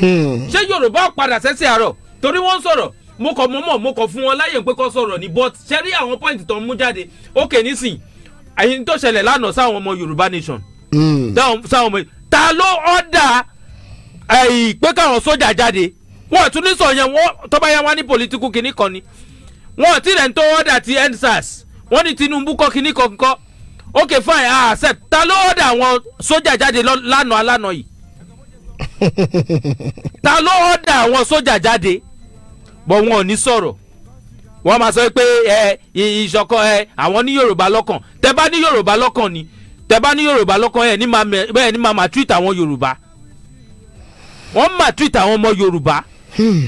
hmm. ṣé Yorùbá padà sẹ́sẹ̀ àárọ̀ torí wọ́n sọ̀rọ̀ mo kọ̀ mọ́mọ́ mo kọ̀ fún wọn láyè pé kó but ṣe rí àwọn pọ́ìntì tó ń mú jáde ó kè nísìn àyìn tó ṣẹlẹ̀ lánàá sáwọn ọmọ Mm. sáwọn ọmọ um, ta ló ọ̀dà eh, pé káwọn sójà jáde wọn tún ní sọ yẹn tọ́ba yẹn wá ní pòlítíkù kìíní kan ni wọn ti rẹ̀ ń tó ọ̀dà ti endsars wọn ní Tinubu kọ́ kìíní kan kọ́ ok fine ah accept ta ló ọ̀dà àwọn sójà jáde lánàá lánàá yìí ta ló ọ̀dà àwọn sójà jáde bọ̀ wọn ò ní sọ̀rọ̀ wọ́n máa sọ pé ẹ eh, ìṣọ̀kan ẹ eh, àwọn ní Yorùbá lọ́kàn tẹ bá ní Yorùbá lọ́kàn ni tẹ bá ní yorùbá lọ́kàn ẹ̀ ní máa bẹ́ẹ̀ ní máa máa tweet àwọn yorùbá wọ́n máa tweet àwọn ọmọ yorùbá hmm.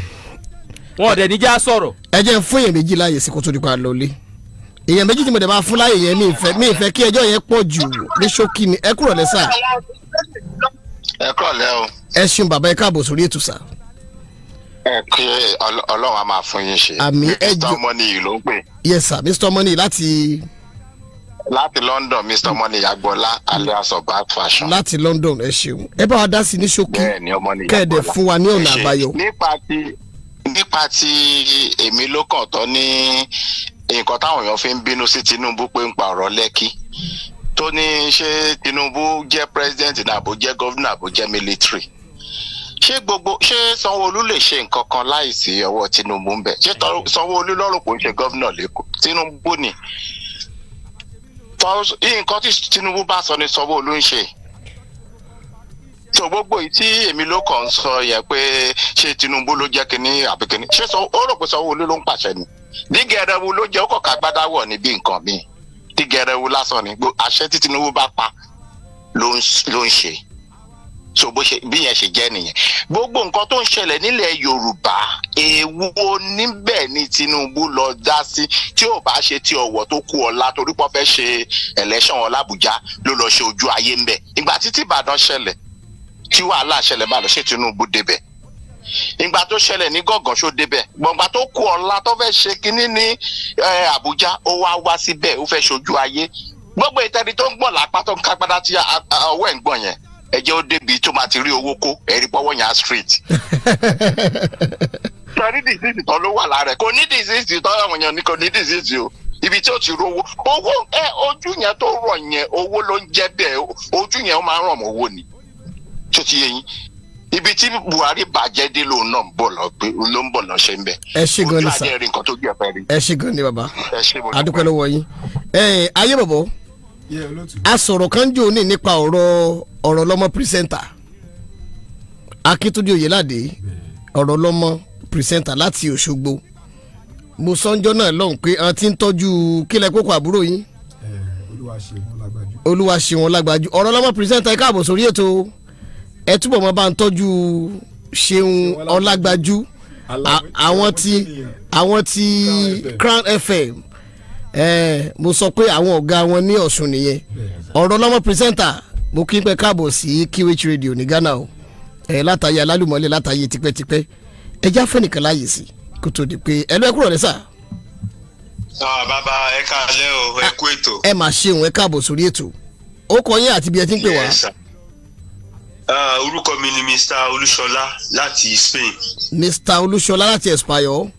wọn ò dẹ̀ níjà sọ̀rọ̀. ẹ jẹ́ fún èèyàn méjì láàyè sí kó tó nípa lọ́lé èèyàn méjì tí mo dẹ̀ máa fún láàyè yẹn mi ìfẹ́ mi ìfẹ́ kí ẹjọ́ yẹn pọ̀ jù ní ṣókí ni ẹ kúrọ̀lẹ́ sà. ẹ kúrọ̀lẹ́ o. ẹ ṣeun bàbá ẹ káàbọ̀ sórí ètò sà ẹ kí ọlọ́run á máa fún yín ṣe. àmì ẹ jù mr money ló ń pè. yes sir mr money láti láti london mr money agboola alias of bad fashion. láti london ẹ ṣeun ẹ bá wa dá sí ní ṣókí kẹ́ẹ̀dẹ̀ fún wa ní ọ̀nà àbáyọ. nípa ti nípa ti èmi ló kàn tán ní nǹkan táwọn èèyàn fi ń bínú sí tinubu pé ń pa ọ̀rọ̀ lẹ́kí tó ní ṣé tinubu jẹ́ president ní àbò jẹ́ governor àbò jẹ́ military ṣé gbogbo ṣé sanwóolu lè ṣe nǹkan kan láìsí ọwọ́ tinubu ń bẹ ṣé sanwóolu lọ́rùn kò ń ṣe governor lẹ́kọ̀ọ́ tinubu ni nǹkan tí Tinubu bá sọ ni Sanwó-Olú ń ṣe so gbogbo yìí tí èmi ló kàn ń sọ yẹn pé ṣé Tinubu ló jẹ́ kínní àbí kínní ṣé ó rò pé Sanwó-Olú ló ń pàṣẹ ni bí gẹrẹwu ló jẹ́ ó kọ̀ ká gbádáwọ̀ bí nǹkan míì tí gẹrẹwu lásán ni àṣẹ tí Tinubu bá pa ló ń ṣe so bó ṣe bí yẹn ṣe jẹ́ nìyẹn gbogbo nǹkan tó ń ṣẹlẹ̀ nílẹ̀ Yorùbá èwo níbẹ̀ ni Tinubu lọ dá sí tí ò bá ṣe ti Ọ̀wọ̀ tó kú ọ̀la torí pọ́ fẹ́ ṣe election wọn l'Àbújá ló lọ ṣe ojú ayé ńbẹ̀ ìgbà tí tí Ìbàdàn ṣẹlẹ̀ tí wàhálà ṣẹlẹ̀ bá lọ ṣe Tinubu débẹ̀ ìgbà tó ṣẹlẹ̀ ní gọ̀gàn ṣó débẹ̀ gbọ̀ngbà tó kú ọ̀la tó fẹ́ ṣe kínní ní Àbújá eh, ó wá wá síbẹ̀ ó fẹ́ ṣojú ayé gbogbo ìtẹ́ni tó ń gbọ̀n lápá tó ń kágbádá tí ọwọ́ ẹ̀ ń gbọ̀n yẹn ẹ jẹ́ ó débi tó máa ti rí owó kó ẹ̀rí pọ́wọ́ yẹn á straight. sọrí disease tán ló wà lára ẹ̀ kò ní disease tán àwọn èèyàn ní kò ní disease o ibi tí o ti rówó owó ẹ ojú yẹn tó rọ̀ yẹn owó ló ń jẹ́ bẹ́ẹ̀ ojú yẹn ó máa ń rọ̀ owó ni tó ti yẹ yín ibi tí Buhari bàjẹ́ dé lòun náà ń bọ̀ lọ pé ló ń bọ̀ lọ ṣe ń bẹ̀. ẹ ṣe gan ni sá ojú adé rí nǹkan tó gbé ọ̀pẹ rí. ẹ ṣe gan ni bàbá adúpẹ́ lọ́wọ́ yín ayé bọ̀bọ̀ a sọ̀rọ̀ kan jò ní nípa ọ̀rọ̀ ọ̀rọ̀ lọ́mọ pírísẹ́ńtà akíntúndé oyèládé ọ̀rọ̀ lọ́mọ pírísẹ́ńtà láti òṣogbo mo sọ́njọ́ náà lọ́hùn pé a ti ń tọ́jú kílẹ̀ kókó àbúrò yín eh, olúwaṣeun lágbájú ọ̀rọ̀ lọ́mọ pírísẹ́ńtà ẹ káàbọ̀ sórí ètò ẹ túbọ̀ mọ́ bá ń tọ́jú ṣeun ọlágbájú àwọn ti Crown FM ẹ mo sọ pé àwọn ọ̀gá wọn ní Ọ̀ṣun nìyẹn ọ̀rọ̀ lọ́mọ pírísẹ́ńtà mo kí n pẹ́ káàbọ̀ sí QH radio ní Ghana o ẹ látàyè alálùmọ́lẹ̀ látàyè tipẹ́tipẹ́ ẹ já fẹ́nìkan láàyè sí kó tó di pé ẹ lọ ẹ kúrò rẹ sà. bàbá ẹ káalẹ́ o ẹ kú ètò. ẹ máa ṣeun ẹ káàbọ̀ sórí ètò ó kọ yín àti bí ẹ ti ń pè wá. orúkọ mi ni Mr. Olúṣọlá láti Spain. Mr. Olúṣọlá láti Espayo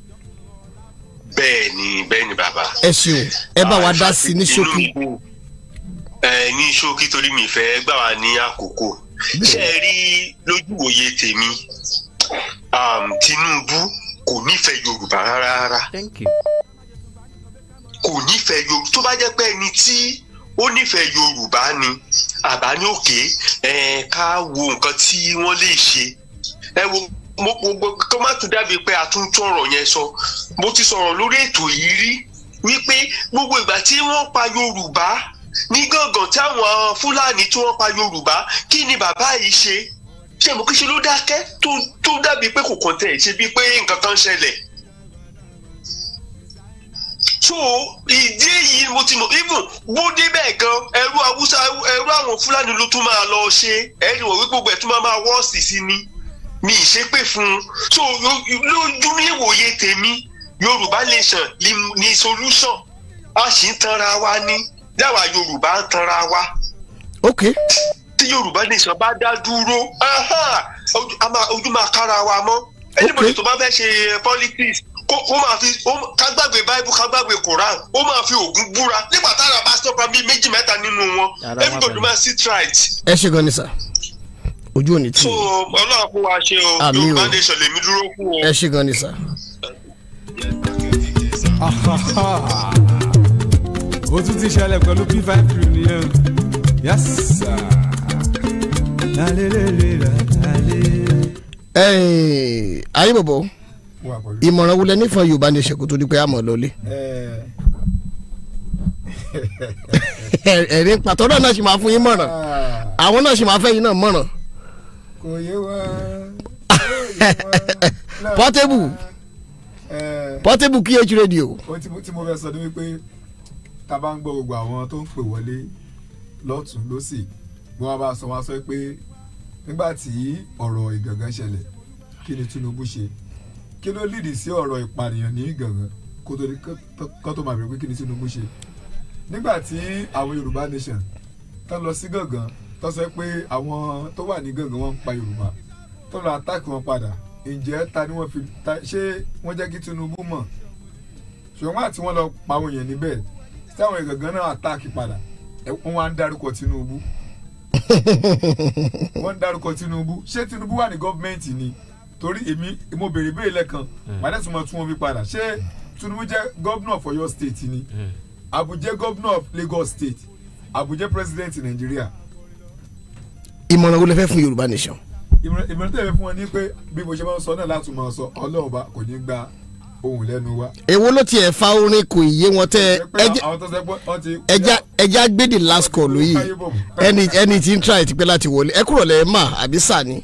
bẹ́ẹ̀ ni bẹ́ẹ̀ ni bàbá. ẹ ṣeun ẹ bá wa dá sí ní ṣókí. ní ṣókí torí mi fẹ́ gbà wá ní àkókò ṣé ẹ rí lójúwòye tèmi Tinubu kò nífẹ̀ẹ́ Yorùbá rárá kò nífẹ̀ẹ́ Yorùbá tó bá jẹ́ pé ẹni tí ó nífẹ̀ẹ́ Yorùbá ni àbá ní òkè ká wo nǹkan tí wọ́n lè ṣe ẹ wo mo gbogbo kó má tún dàbí pé a tún tún ọ̀rọ̀ yẹn sọ mo ti sọ̀rọ̀ lórí ètò yìí rí wípé gbogbo ìgbà tí wọ́n pa Yorùbá ní gàngàn tí àwọn Fúlàní tí wọ́n pa Yorùbá kí ni bàbá yìí ṣe ṣe mo kí ṣe ló dákẹ́ tó dàbí pé kò kàn tẹ̀ ṣe bíi pé nǹkan kan ṣẹlẹ̀ so ìdí èyí mo ti mọ even bó débẹ̀ gan ẹrú Haúsá ẹrú àwọn Fúlàní ló tún máa lọ ṣe ẹ̀rì wọ̀ gbogbo ẹ̀ tún máa máa wọ́ọ̀sì sí ni mi ì ṣe pé fún un so lójú mi wòye tèmi yorùbá nation ni solution a sì ń tanra wa ní dáwà yorùbá ń tanra wa. ok. tí yorùbá nation bá dá dúró ojú máa kára wa mọ́ anybody tó bá fẹ́ ṣe politics ó máa fi ká gbàgbé bible ká gbàgbé koran ó máa fi ògùn búra nígbà tára bá sọ́kàn bíi méjì mẹ́ta nínú wọn everybody máa sit right. ẹ ṣe gan ni sir ojú òní tì. so ọlọ́run kó wa ṣe o yorùbá nation lèmi dúró kú o. ẹ ṣe gan ni sà. ó tún ti ṣẹlẹ̀ pẹ̀lú p five reunion yes sir. ayé bòbò ìmọ̀ràn wulẹ̀ nífọ̀n yorùbá ni kó tó di pé a mọ̀ lọ́lé ẹ̀rín pàtó náà sì máa fún yín mọ̀ràn ah. àwọn náà sì máa fẹ́ yín náà mọ̀ràn kò yé wọn. Portable eh. Portable QH radio. o tí mo fẹ́ sọ ni wípé tá a bá ń gbọ́ gbogbo àwọn tó ń pè wọlé lọ́tún lọ́sì bí wọ́n bá sọ wá sọ pé nígbà tí ọ̀rọ̀ ìgangan ṣẹlẹ̀ kí ni Tinubu ṣe kí ló lìdí sí ọ̀rọ̀ ìpànìyàn ní ìgangan kó tó máa bẹ̀rẹ̀ pé kí ni Tinubu ṣe nígbà tí àwọn Yorùbá nation tán lọ sí gangan tó sọ pé àwọn tó wà ní gàngàn wọn ń pa Yorùbá tó lọ atáàkì wọn padà ǹjẹ́ ta ni wọ́n fi ta ṣé wọ́n jẹ́ kí Tinubu mọ̀ ṣùgbọ́n àti wọ́n lọ pa àwọn èèyàn níbẹ̀ táwọn ìgàngàn náà atáàkì padà wọ́n wá ń dárúkọ Tinubu wọ́n ń dárúkọ Tinubu ṣé Tinubu wà ní gọ́ọ̀mẹ̀ntì ni torí èmi mo béèrè béèrè lẹ́kan hmm. màdẹ́sùmọ̀ tún wọn fi padà ṣé Tinubu jẹ́ gọ́ọ̀nà for your state ni Abu hmm. gọ́ọ̀nà of Lagos state Abu president Nigeria ìmọ̀ràn wo lẹ fẹ́ fún Yorùbá nation. ìmọ̀ràn tẹ̀lé fún wọn ni pé bí mo ṣe máa ń sọ náà láti máa sọ ọlọ́ọ̀ba kò ní gba ohun lẹ́nu wa. èwo ló tiẹ̀ fa orin kò yé wọn tẹ ẹja ẹja gbèdè last call lóye ẹni ẹni tí ń try ti pẹ́ láti wọlé ẹ kúrò lẹ́ẹ̀ mà àbí sà ni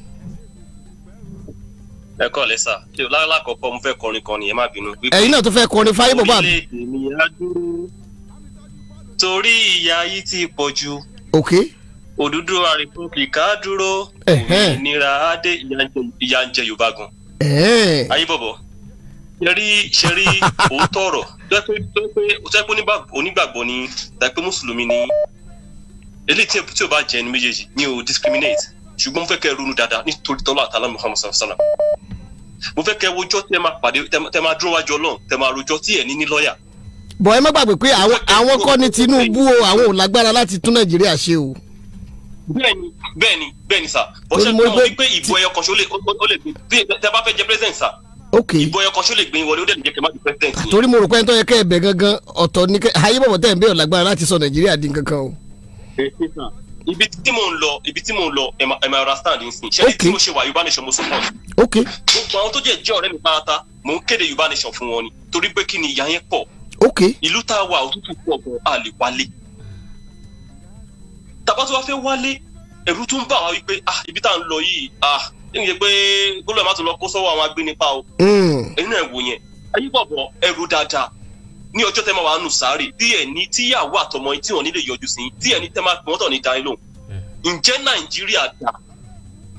ẹ kọ́ lẹ́ sà tí o lára kọ̀ọ̀kan mo fẹ́ kọrin kan nìyẹn má bínú. ẹ̀yin náà tó fẹ́ kọrin fáyébọ̀ bá mi. torí ìyà yìí ti pọ̀ jù. Odùduwà rìpọ́blìkà dúró òmìnira adé ìyànjẹ Yorùbá gan. ayébọ̀bọ̀ ṣẹ̀rí ṣẹ̀rí òótọ́ ọ̀rọ̀ tẹ́pẹ́ onígbàgbọ́ ni tẹ́pẹ́ mùsùlùmí ni eléyìí tí o bá jẹ́ ẹni méjèèjì ni o discriminate ṣùgbọ́n mo fẹ́ kẹ́ ronú dáadáa nítorí tọ́lá àtàlà Muhammad sàlám mo fẹ́ kẹ́ wojọ́ tẹ́ máa pàdé tẹ́ máa dúró wájú Ọlọ́run tẹ́ máa rojọ́ tí ẹ̀ ní ní lọ́ọ̀yà. bọ̀ ẹ má gbàgbé pé àwọn kọ́ ni Tinubu o àwọn ò lágbára láti tún Nàìjíríà ṣe o bẹ́ẹ̀ni bẹ́ẹ̀ni bẹ́ẹ̀ni sà bọ́sẹ̀ tó mọ̀ wípé ìbò ẹyọ kan ṣó lè ó lè gbé bí tẹ bá fẹ́ jẹ president sà ok ìbò ẹyọ kan ṣó lè gbé wọlé ó dẹ̀ jẹ́ kẹ́ má di president. torí mo rò pé ẹni tó yẹ kẹ́ ẹ bẹ̀ gangan ọ̀tọ̀ ni kẹ́ ayé bọ̀bọ̀ tẹ̀ ń bẹ̀rẹ̀ lágbára láti sọ nàìjíríà di nǹkan o. ibi tí mo ń lọ ibi tí mo ń lọ ẹ máa understand n sìn ṣẹlẹ tí mo ṣe wà Yorùbá Nation mo support. ok gbogbo àwọn tó jẹ jẹ ọ̀rẹ́ mi pátá mò ń kéde Yorùbá Nation fún wọn ni torí pé kí ni ìyá yẹn pọ̀. ìlú tá a wà òtútù pọ̀ gan-an a lè wálé tàbá tó wá fẹ́ wálé ẹ̀rù tún bà wá wípé ah ibi tá à ń lọ yìí ah ẹni yẹn pé gbọ́dọ̀ má tún lọ kó sọ́wọ́ àwọn agbénipa o hmm. ẹ̀yin náà wò yẹn ayíbọ̀bọ̀ ẹ̀rù dáadáa ní ọjọ́ tẹ́ máa wà nù sáré díẹ̀ ní tíyàwó àtọmọ tí wọ́n nílé yọjú sí díẹ̀ ní tẹ́ máa pè tọ̀ ní dáìlóhùn hmm. ǹjẹ́ nàìjíríà dà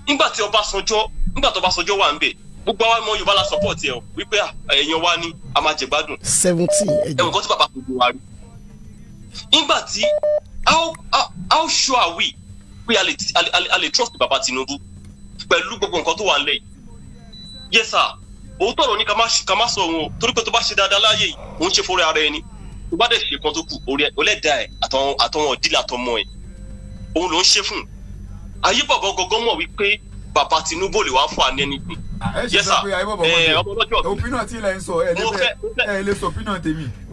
nígbà tí Ọbásanjọ́ nígbà tí Ọbásanjọ́ wà ń bẹ̀ gbogbo àwọn ọmọ yorùbá la support ẹ o wípé ah, ẹ̀yàn wa ni a máa jẹ̀gbádùn. seventeen ẹ̀jẹ̀ ẹ̀wọ̀n kan tí bàbá kò gbowó wa rí. nígbà tí how how how sure are we pé a lè a lè trust baba Tinubu pẹ̀lú gbogbo nǹkan tó wà nílẹ̀ yìí yes sir òótọ́ ọ̀rọ̀ ni ká má sọ òun o torí pé tó bá ṣe dáadáa láàyè yìí òun ṣe fúnra ara ẹni tó bá dẹ̀ ṣe kan tó kù orí ọlẹ́dà ẹ̀ àtọwọn ọ̀dílà àtọmọ ẹ̀ òun ló ń ṣe fún ayé bàbá gangan mọ̀ wípé bàbá Tinubu lè wá fún àní ẹni gbìn yes sir ẹ eh, ọmọ ọlọ́jọ́ mi mo fẹ́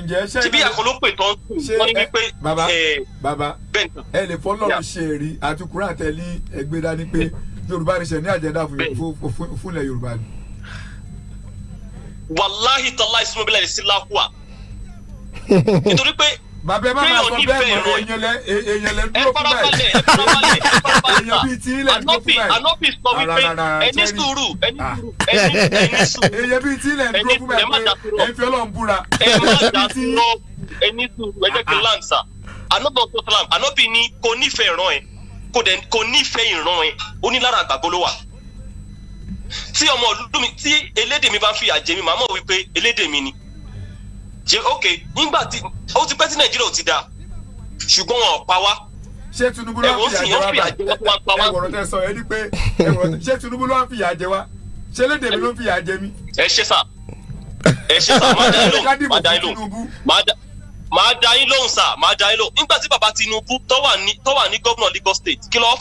ǹjẹ́ ṣe ṣíbí àkọlọ́pọ̀ ìtàn wọn ni wípé baba baba ẹ lè fọlọ́run ṣe èrí àti kúrò àtẹlí ẹgbẹ́ dání pé yorùbá ní sẹ́ni àjẹ́dá fúnlẹ̀ yorùbá ni. wàláhì tàláì sọ́mọ́bílẹ̀ ní sílákùá nítorí pé bàbá ẹ má máa sọ bẹ́ẹ̀ mọ́ èèyàn lẹ èèyàn lẹ dúró fún báyìí èèyàn bíi ti ilẹ̀ dúró fún báyìí anopi sọ wípé ah. ẹni sùúrù ẹni sùúrù èèyàn bíi ti ilẹ̀ dúró fún báyìí pé ẹnfẹ́ lọ́n búra ẹni sùúrù ẹjẹ́ kí lansa anopi sọ sàlám anopi ni kò nífẹ̀ẹ́ ìran ẹ kò nífẹ̀ẹ́ ìran ẹ ó ní lára àgbàgbọ́ ló wà tí ọmọ olúmi tí elédèmí bá ń fìyà jẹ mi màá mọ̀ wípé elédèmí ni ṣe ok nígbà tí ó ti pẹ́ tí nàìjíríà ò ti da ṣùgbọ́n wọn ò pa wá ṣé tinubu ló ń fìyà jẹ wá ẹwọ̀rọ̀ tẹ sọ ẹni pé ṣé tinubu ló ń fìyà jẹ wá ṣé lédè mi ló ń fìyà jẹ mí. ẹ ṣe sà ẹ ṣe sà má dá yín lóhùn má dá yín lóhùn má dá yín lóhùn sà má dá lóhùn nígbà tí bàbá tinubu tó wà ní gómìnà Lagos State kí ló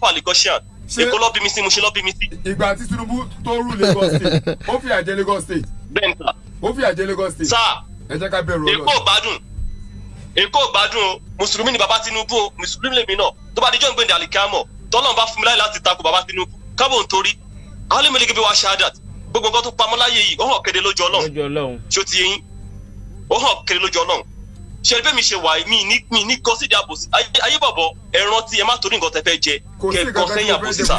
fà Lagosian èkó lọ́ọ́ bí mi sí mo ṣe lọ́ọ́ bí mi sí. ìgbà tí tinubu tó rú Lagos State ó fìyà jẹ Lagos State. bẹ́ẹ̀ ni sà ó fi àjẹ Lagos State. sáà ẹ jẹ́ ká bẹ̀rù ọlọ́run. èkó gbádùn èkó gbádùn o mùsùlùmí ni bàbá Tinubu o mùsùlùmí lèmi náà tó bá dijọ́ ìgbéǹde àlìkámọ̀ tọ́lọ́n bá fún mi láyé láti takò bàbá Tinubu kábò ń torí alẹ́mìlẹ́gì bí wàá ṣáádà gbogbo nǹkan tó pamọ́ láyé yìí ó hàn kedere lójú ọlọ́run ṣó ti yẹn ó hàn kedere lójú ọlọ́run ṣe bẹ́ẹ̀ mi ṣe wà mí ní mi ní kọ́ sídìí àbòsí ayé bọ̀bọ̀ ẹ rántí ẹ má torí nǹkan tẹ fẹ́ jẹ kẹ kọ́ sẹ́yìn àbòsí sà.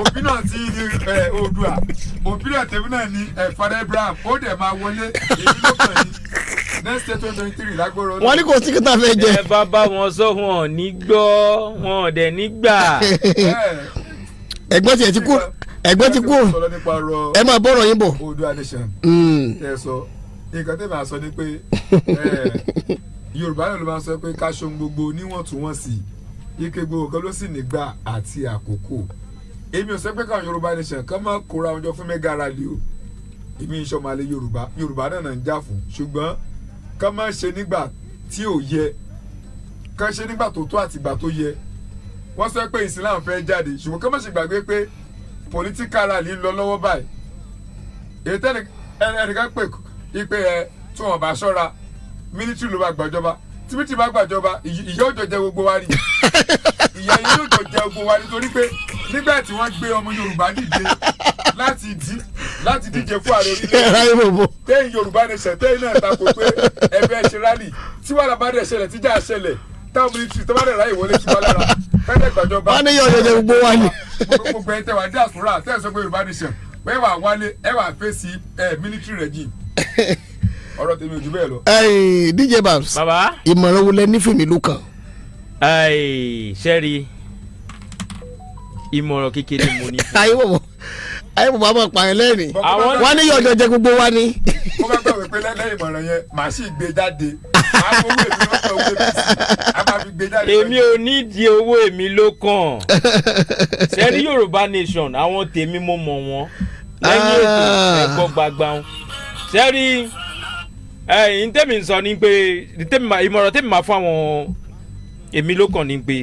òbínà ti oòdùà òbínà tẹ̀mí náà ni Fada Ibrahim ó dẹ̀ máa wọlé èyí ló kàn next day twenty twenty three lágbóró. wọ́n ní kò sí kíta fẹ́ jẹ. ẹ bá bá wọn sọ wọn ò ní gbọ́ wọn ò dẹ̀ ní gbà. ẹgbẹ́ tiẹ̀ ti kú ẹgbẹ́ ti kú ẹ máa bọ̀rọ̀ yín bọ̀. oòdùà nation. ẹ sọ nǹkan tẹ́ máa sọ ni pé eh, yorùbá náà ló máa sọ pé ká gbogbo níwọ̀ntúnwọ̀nsì ike gbogbo kan ló sì nígbà àti àkókò èmi ò sọ pé káwọn yorùbá nation kan máa kóra wọn jọ fún mẹ́gà rally o èmi ń sọmọlé yorùbá yorùbá náà ń jà fún ṣùgbọ́n ká má ṣe nígbà tí ò yẹ ká ṣe nígbà tó tó àtìgbà tó yẹ wọ́n sọ pé islam fẹ́ jáde ṣùgbọ́n ká má ṣe gbàgbé pé political rally ń lọ lọ́wọ́ báyìí èyí tẹ́lẹ̀ ẹnìkan pè kú ipe ẹ eh, tí wọn bá ṣọ́ra mílítírì ló bá gbàjọba tìbítì bá gbàjọba ìyá òjò jẹ gbogbo wa rí ìyá yìí òjò jẹ gbogbo wa rí torí pé nígbà tí wọ́n gbé ọmọ Yorùbá dìde láti dì láti díje fún ààrẹ orílẹ̀-èdè tẹ́yìn Yorùbá nation tẹ́yìn náà takò pé ẹ̀fẹ́ ṣe rálì tí wàhálà bá dẹ̀ ṣẹlẹ̀ tíjà ṣẹlẹ̀ táwọn mílítírì tó bá dẹ̀ ráyè wọlé síba lára fẹ́lẹ̀ gbàjọba. wọ́n ní yọ̀ ọ̀jọ̀ gbogbo wa ni. gbogbo ẹ̀ tẹ̀ wá diaspora tẹ̀ sọ pé Yorùbá nation wẹ́ẹ̀ wà wálé ẹ̀ wà fèsì ẹ̀ mílítírì regime ọ̀rọ̀ tèmi ò jù bẹ́ẹ̀ lọ. DJ Babs ìmọ̀ràn wo lẹ ní fèmí ló kàn. sẹ́ẹ̀rì ìmọ̀ràn kékeré mo ní fún. ayé bọ̀bọ̀ ayé bọ̀bọ̀ a máa pààyàn lẹ́rìn wọ́n ní yọjọ jẹ gbogbo wa ni. mo bá gbàgbé pé lẹ́lẹ́ ìmọ̀ràn yẹn màá sì gbé jáde màá èmi ò ní di owó èmi ló kàn sẹ́ẹ̀rì Yorùbá Nation àwọn tèmi mo mọ̀ wọ́n lẹ́yìn ètò ẹ̀kọ́ gbagba sẹ́rí ẹ̀yìn tèmi sọ ni pé ìmọ̀ràn tèmi máa fún àwọn èmi ló kàn ni pé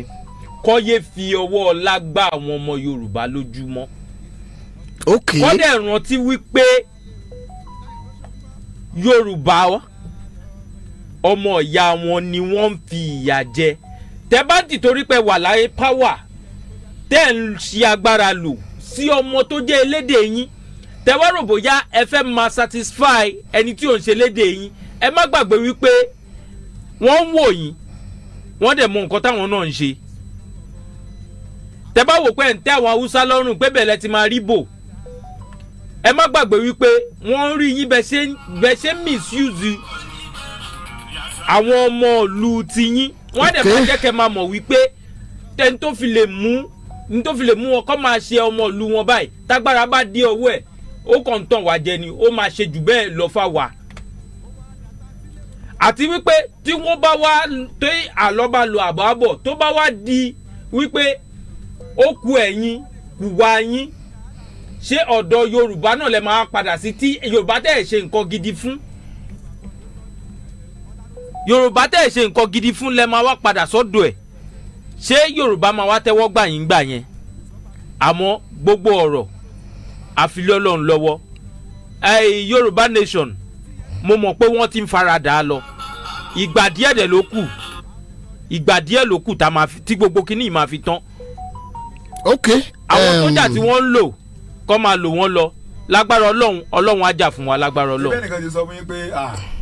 kọ́yé fi ọwọ́ ọlá gbá àwọn ọmọ Yorùbá lójúmọ́ kọ́dẹ̀ rántí wípé Yorùbá ọmọ ìyá wọn ni wọ́n ń fi ìyà jẹ tẹ́ bá ti torí pé wà láyé power tẹ́ ń ṣe agbára lò sí ọmọ tó jẹ́ elédè tẹ́wọ́ rò bóyá ẹ fẹ́ máa satisfy ẹni tí ò ń ṣe léde yín ẹ má gbàgbé wípé wọ́n ń wò yín wọ́n dẹ̀ mọ nǹkan táwọn náà ń ṣe tẹ́ bá wò pé ẹ̀ ń tẹ́ àwọn haúsá lọ́rùn pé bẹ̀rẹ̀ ti máa rí bò ẹ má gbàgbé wípé wọ́n ń rí yín bẹ́ẹ̀ ṣe misuse àwọn ọmọ ìlú tiyín wọ́n dẹ̀ máa jẹ́ kẹ́ máa mọ̀ wípé tẹ́ni tó fi lè mú ní tó fi lè mú wọn kọ́ máa ṣe ọmọ ìlú wọn báyìí tágbára bá dé ọwọ́ ẹ̀ ó kàn ń tàn wá jẹ ni ó máa ṣe jù bẹ́ẹ̀ lọ fà wá. àti wípé tí wọ́n bá wá tó àlọ́ lo àbọ̀ àbọ̀ tó bá wá di wípé ó ku ẹ̀yin kù wá yín ṣé ọ̀dọ̀ yorùbá náà lè máa padà sí tí yorùbá tẹ̀ ṣe nǹkan gidi fún yorùbá tẹ̀ ṣe nǹkan gidi fún lè máa wá padà sọ́dọ̀ ẹ̀ ṣé yorùbá máa wá tẹ́wọ́ gbà yín gbà yẹn àmọ́ gbogbo ọ̀rọ̀ àfilẹ́ ọlọ́run lọ́wọ́ yorùbá nation mo mọ̀ pé wọ́n ti ń faradà lọ ìgbà díẹ̀ dẹ̀ ló kù ìgbà díẹ̀ ló kù tí gbogbo kínní máa fi tán. ok àwọn sójà tí wọ́n ń lò kọ́ máa lò wọ́n lọ lágbára ọlọ́run ọlọ́run á fún wa lágbára ọlọ́run. ẹnìkan ti sọ fún yín pé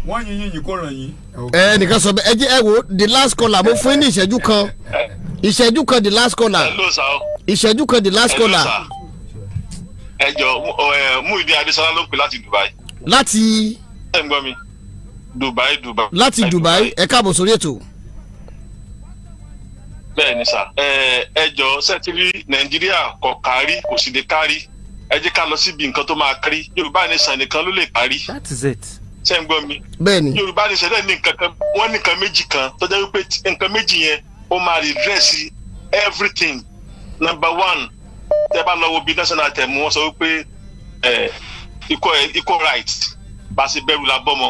wọ́n yin yín yìí kò ràn yín. ẹ sọ ẹ jẹ́ ẹ wo the last caller mo fún yín ní ìṣẹ́jú kan ìṣẹ́jú kan the last caller ìṣẹ́jú kan the last caller ẹ jọ Adesola ló pè láti Dubai. láti. ẹ ń gbọ́ mi Dubai Dubai. láti Dubai ẹ káàbọ̀ sórí ètò. bẹ́ẹ̀ ni sà eh, ẹ Nàìjíríà kò kárí kò sì lè kárí ẹ ká lọ síbi nǹkan tó máa kárí Yorùbá Nation nìkan ló lè kárí. that is it. ṣé ń gbọ́ mi. bẹ́ẹ̀ni. Yorùbá Nation ní nǹkan kan wọ́n ní méjì kan tó jẹ́ wípé nǹkan méjì yẹn ó máa redress everything number one tẹ́ bá lọ wo bí national tẹ̀ mú wọ́n sọ wípé equal right bá a ṣe bẹ̀rù la bọ́mọ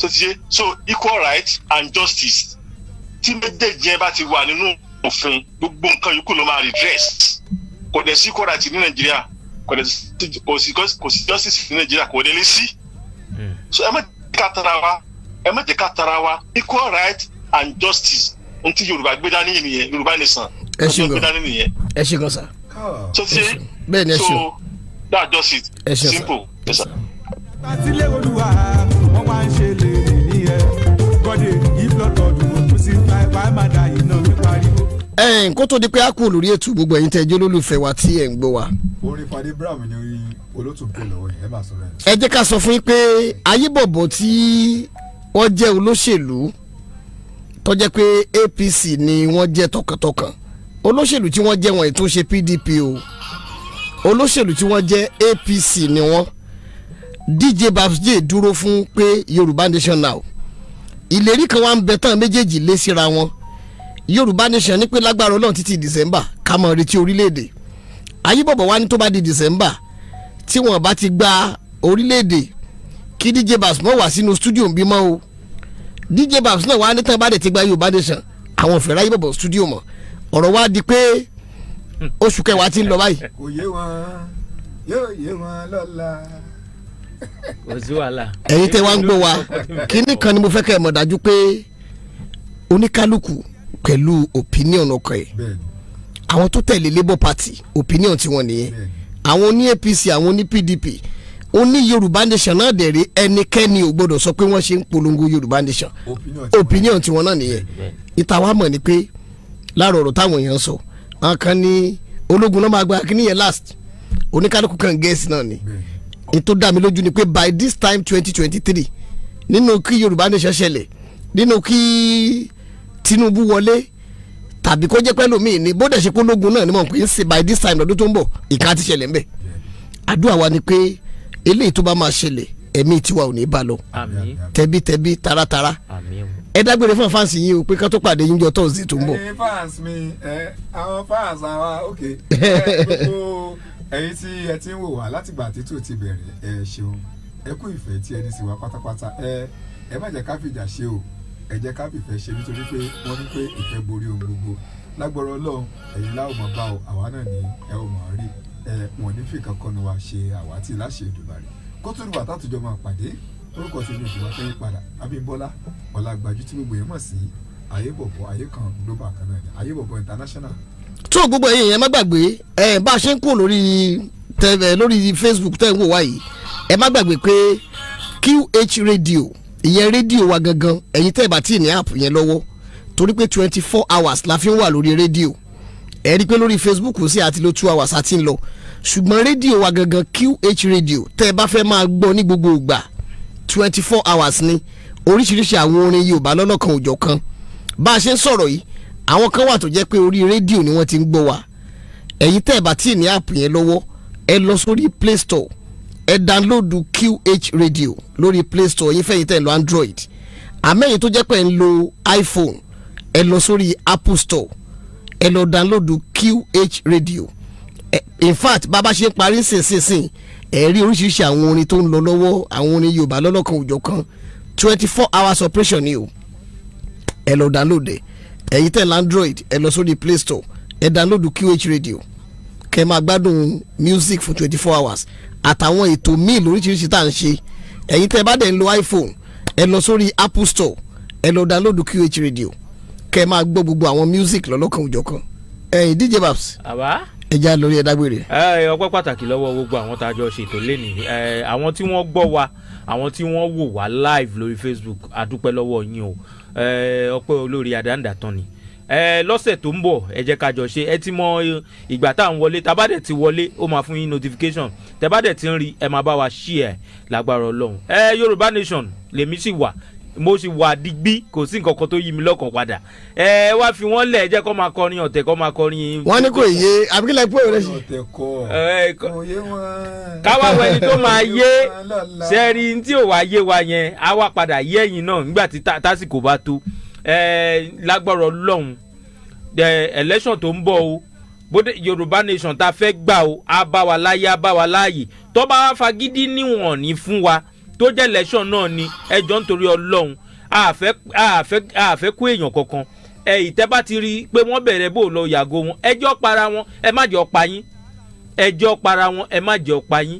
tó ti yé so equal rights and justice tí méjèèjì yẹn bá ti wà nínú òfin gbogbo nǹkan yòókù ló máa redress kò dẹ̀ sí equal right ní nàìjíríà kò dẹ̀ sí kò sí justice ní nàìjíríà kò dẹ̀ sí hmm. so ẹ má jẹ́ ká tara wa ẹ má jẹ́ ká tara wa equal right and justice ohun tí yorùbá gbé dání nìyẹn yorùbá nìsan ẹ ṣe gan ẹ ṣe gan sir. So ti bẹ́ẹ̀ ni ẹ ṣe o that's just it ẹ ṣe simple. àtìlẹ́ olúwa wọ́n wá ń ṣe lè rìn ní ẹ gọ́dẹ̀ yìí lọ́tọ̀ dùn kó tó di pé a kú olórí ètò gbogbo ẹ̀yin tẹ́jú olólùfẹ́ wa tí ẹ̀ ń gbọ́ wa. orin Fadé Brown ni olóòtú gbé lọ́wọ́ yẹn ẹ bá sọ bẹ́ẹ̀. ẹ jẹ́ ká sọ fún yín pé ayébọ̀bọ̀ tí wọ́n jẹ́ olóṣèlú tó pé APC ni wọ́n jẹ́ tọkàntọkàn olóṣèlú tí wọ́n jẹ́ wọn ètò ṣe PDP o olóṣèlú tí wọ́n jẹ́ APC ni wọ́n DJ Babs J dúró fún pé Yorùbá Nation now ìlérí kan wà ń bẹ tán méjèèjì lé síra wọn Yorùbá Nation ní pé lágbára Ọlọ́run títí December ká mọ̀ retí orílẹ̀-èdè ayíbọ̀bọ̀ wá ní tó bá di December tí wọ́n bá ti gba orílẹ̀-èdè kí DJ Babs mọ̀ wá sínú studio ń bímọ o DJ Babs náà wá ní tán bá dẹ̀ ti gba Yorùbá Nation àwọn fẹ̀rẹ̀ ayíbọ̀bọ̀ studio mọ̀ ọ̀rọ̀ wa di pé oṣù kẹwàá ti ń lọ báyìí. kò yé wọn yóò yé wọn lọ́la. kò sí wàhálà. ẹ̀yin tẹ́ wá ń gbọ́ wa kínní kan ni mo fẹ́ kẹ́ ẹ̀ mọ̀ dájú pé oníkálukú pẹ̀lú opinion ọkọ̀ ẹ̀ àwọn tó tẹ̀lé labour party opinion tiwọn nìyẹn àwọn oní apc àwọn oní pdp oní yorùbá nation náà dẹ̀rẹ̀ ẹnikẹ́ni ò gbọ́dọ̀ sọ pé wọ́n ṣe ń polongo yorùbá nation opinion tiwọn náà nìyẹn ìtawá mọ̀ ni pé. Yeah láàrọ̀ ọ̀rọ̀ táwọn èèyàn sọ àwọn kan ní ológun náà máa gba kínní yẹn last oníkálukú kan gẹ̀ẹ́sì náà ni ètò dá mi lójú ni pé by this time twenty twenty three nínú kí Yorùbá nation ṣẹlẹ̀ nínú kí Tinubu wọlé tàbí kó jẹ́ pẹ́ lómi ní bóde ṣe pológun náà ni mọ̀ pé ń ṣe by this time lọ́dún tó ń bọ̀ ìka ti ṣẹlẹ̀ ń àdúrà wa ni pé eléyìí tó bá máa ṣẹlẹ̀ ẹ̀mí tiwa ò ní bá lọ tẹbítẹbí taratara ẹ dágbére fún fans yìí o pé ká tó pàdé yín jọ tọ́sídẹ̀ẹ́ tó ń bọ̀. ẹyin fans mi ẹ àwọn fans àwa ok ẹ gbogbo ẹyin tí ẹ ti ń wò wá látìgbà títù ti bẹ̀rẹ̀ ẹ ṣeun ẹ kú ìfẹ́ tí ẹni sì wá pátápátá ẹ ẹ má jẹ́ ká fìjà ṣe o ẹ jẹ́ ká fìfẹ́ ṣe nítorí pé wọ́n ní pé ìfẹ́ borí ohun gbogbo lágbọ́rọ̀ ọlọ́run ẹ̀yin láwọn mọ̀ bá o àwa náà ni ẹ ò mọ̀ rí ẹ wọ́n ní fìkankan ni wàá ṣe àwátì láṣẹ ìdùbàrẹ̀ kó tó tátùjọ máa pàdé orúkọ ṣojú ṣùgbọ́n fẹ́ padà Abímbọ́lá Ọlágbájú tí gbogbo yẹn mọ̀ sí ayébọ̀bọ̀ ayé kan global kan náà ni ayébọ̀bọ̀ international. tó gbogbo ẹ̀yin yẹn má gbàgbé ẹ bá a ṣe ń kú lórí tẹ lórí Facebook tẹ ń wò wá yìí ẹ má gbàgbé pé QH radio ìyẹn rédíò wa gangan ẹ̀yin tẹ́ ẹ bá tí ní app yẹn lọ́wọ́ torí pé twenty four hours la fi ń wà lórí rédíò ẹ rí i pé lórí Facebook sí àti lo two hours àti ń lọ ṣùgbọ́n rédíò wa gangan QH radio tẹ́ ẹ bá fẹ́ máa gbọ́ ní gbogbo ìgbà twenty four hours ni oríṣiríṣi àwọn orin yorùbá lọ́lọ́kan òjọ̀ kan bá a ṣe ń sọ̀rọ̀ yìí àwọn kan wà tó jẹ́ pé orí rédíò ni wọ́n ti ń gbọ́ wa ẹ̀yin tẹ́ ẹ̀ bá tí ì ní app yẹn lọ́wọ́ ẹ lọ sórí play store ẹ download QH radio lórí play store yín fẹ́yìn tẹ́ ẹ android àmẹ́yìn tó jẹ́ pé ẹ ń lo iphone ẹ lọ sórí apple store ẹ lọ download QH radio in fact bàbá ṣe ń parí sínsìnsìn ẹ rí oríṣiríṣi àwọn orin tó ń lọ lọ́wọ́ àwọn orin Yorùbá lọ́lọ́kan òjọ̀ kan twenty four hours operation ni o ẹ lọ download ẹ ẹ̀yin tẹ̀ landroid ẹ lọ sórí play store ẹ download QH radio kẹ́ máa gbádùn music for twenty four hours àtàwọn ètò míì lóríṣiríṣi tá à ń ṣe ẹ̀yin tẹ́ bá dẹ̀ ń lo iPhone ẹ lọ sórí Apple Store ẹ lọ download QH radio kẹ́ máa gbọ́ gbogbo àwọn music lọ́lọ́kan òjọ̀ kan ẹ̀yin DJ Babs. àbá ẹja lórí ẹdá gbére. ọpẹ́ pàtàkì lọ́wọ́ gbogbo àwọn tá a jọ ṣètò lénìí àwọn tí wọ́n gbọ́ wa àwọn tí wọ́n wò wá live lórí Facebook adúpẹ́ lọ́wọ́ yín o ọpẹ́ olórí adáǹdàtàn ni lọ́sẹ̀ tó ń bọ̀ ẹ jẹ́ ká jọ ṣe ẹ ti mọ ìgbà tá à ń wọlé tá bá dẹ̀ ti wọlé ó máa fún yín notification tẹ́ bá dẹ̀ ti ń rí ẹ máa bá wa ṣí ẹ lágbára ọlọ́run. ẹ Yorùbá Nation lèmi sì wà mo sì wà digbí kò sí nǹkan kan tó yí mi lọ́kàn padà ẹ wá fi wọ́n lẹ̀ jẹ́ kó máa kọrin ọ̀tẹ̀ kó máa kọrin. wọ́n ní kò yé abikilẹ pé òun lè ṣe. ọ̀tẹ̀ kọ kò yé wọn. káwá wọ ẹni tó máa yé sẹ́ẹ̀rì tí ò wá yé wa yẹn á wá padà yé ẹ̀yìn náà nígbà tí tásìkò bá tó lágbọ́rọ̀ lọ́hùn election tó ń bọ̀ o bóde yorùbá nation ta fẹ́ gbà o á bá wa láyé á bá wa láàyè tó bá wa fagídí níwọ̀n ní fún wa tó jẹ́ election náà ni ẹjọ́ nítorí ọlọ́run àfẹ́ àfẹ́ àfẹ́ kó èèyàn kankan ẹ ìtẹ́ bá ti rí i pé wọ́n bẹ̀rẹ̀ bò lọ yàgò wọn ẹjọ́ para wọn ẹ má jẹ́ ọ̀pá yín ẹjọ́ para wọn ẹ má jẹ́ ọ̀pá yín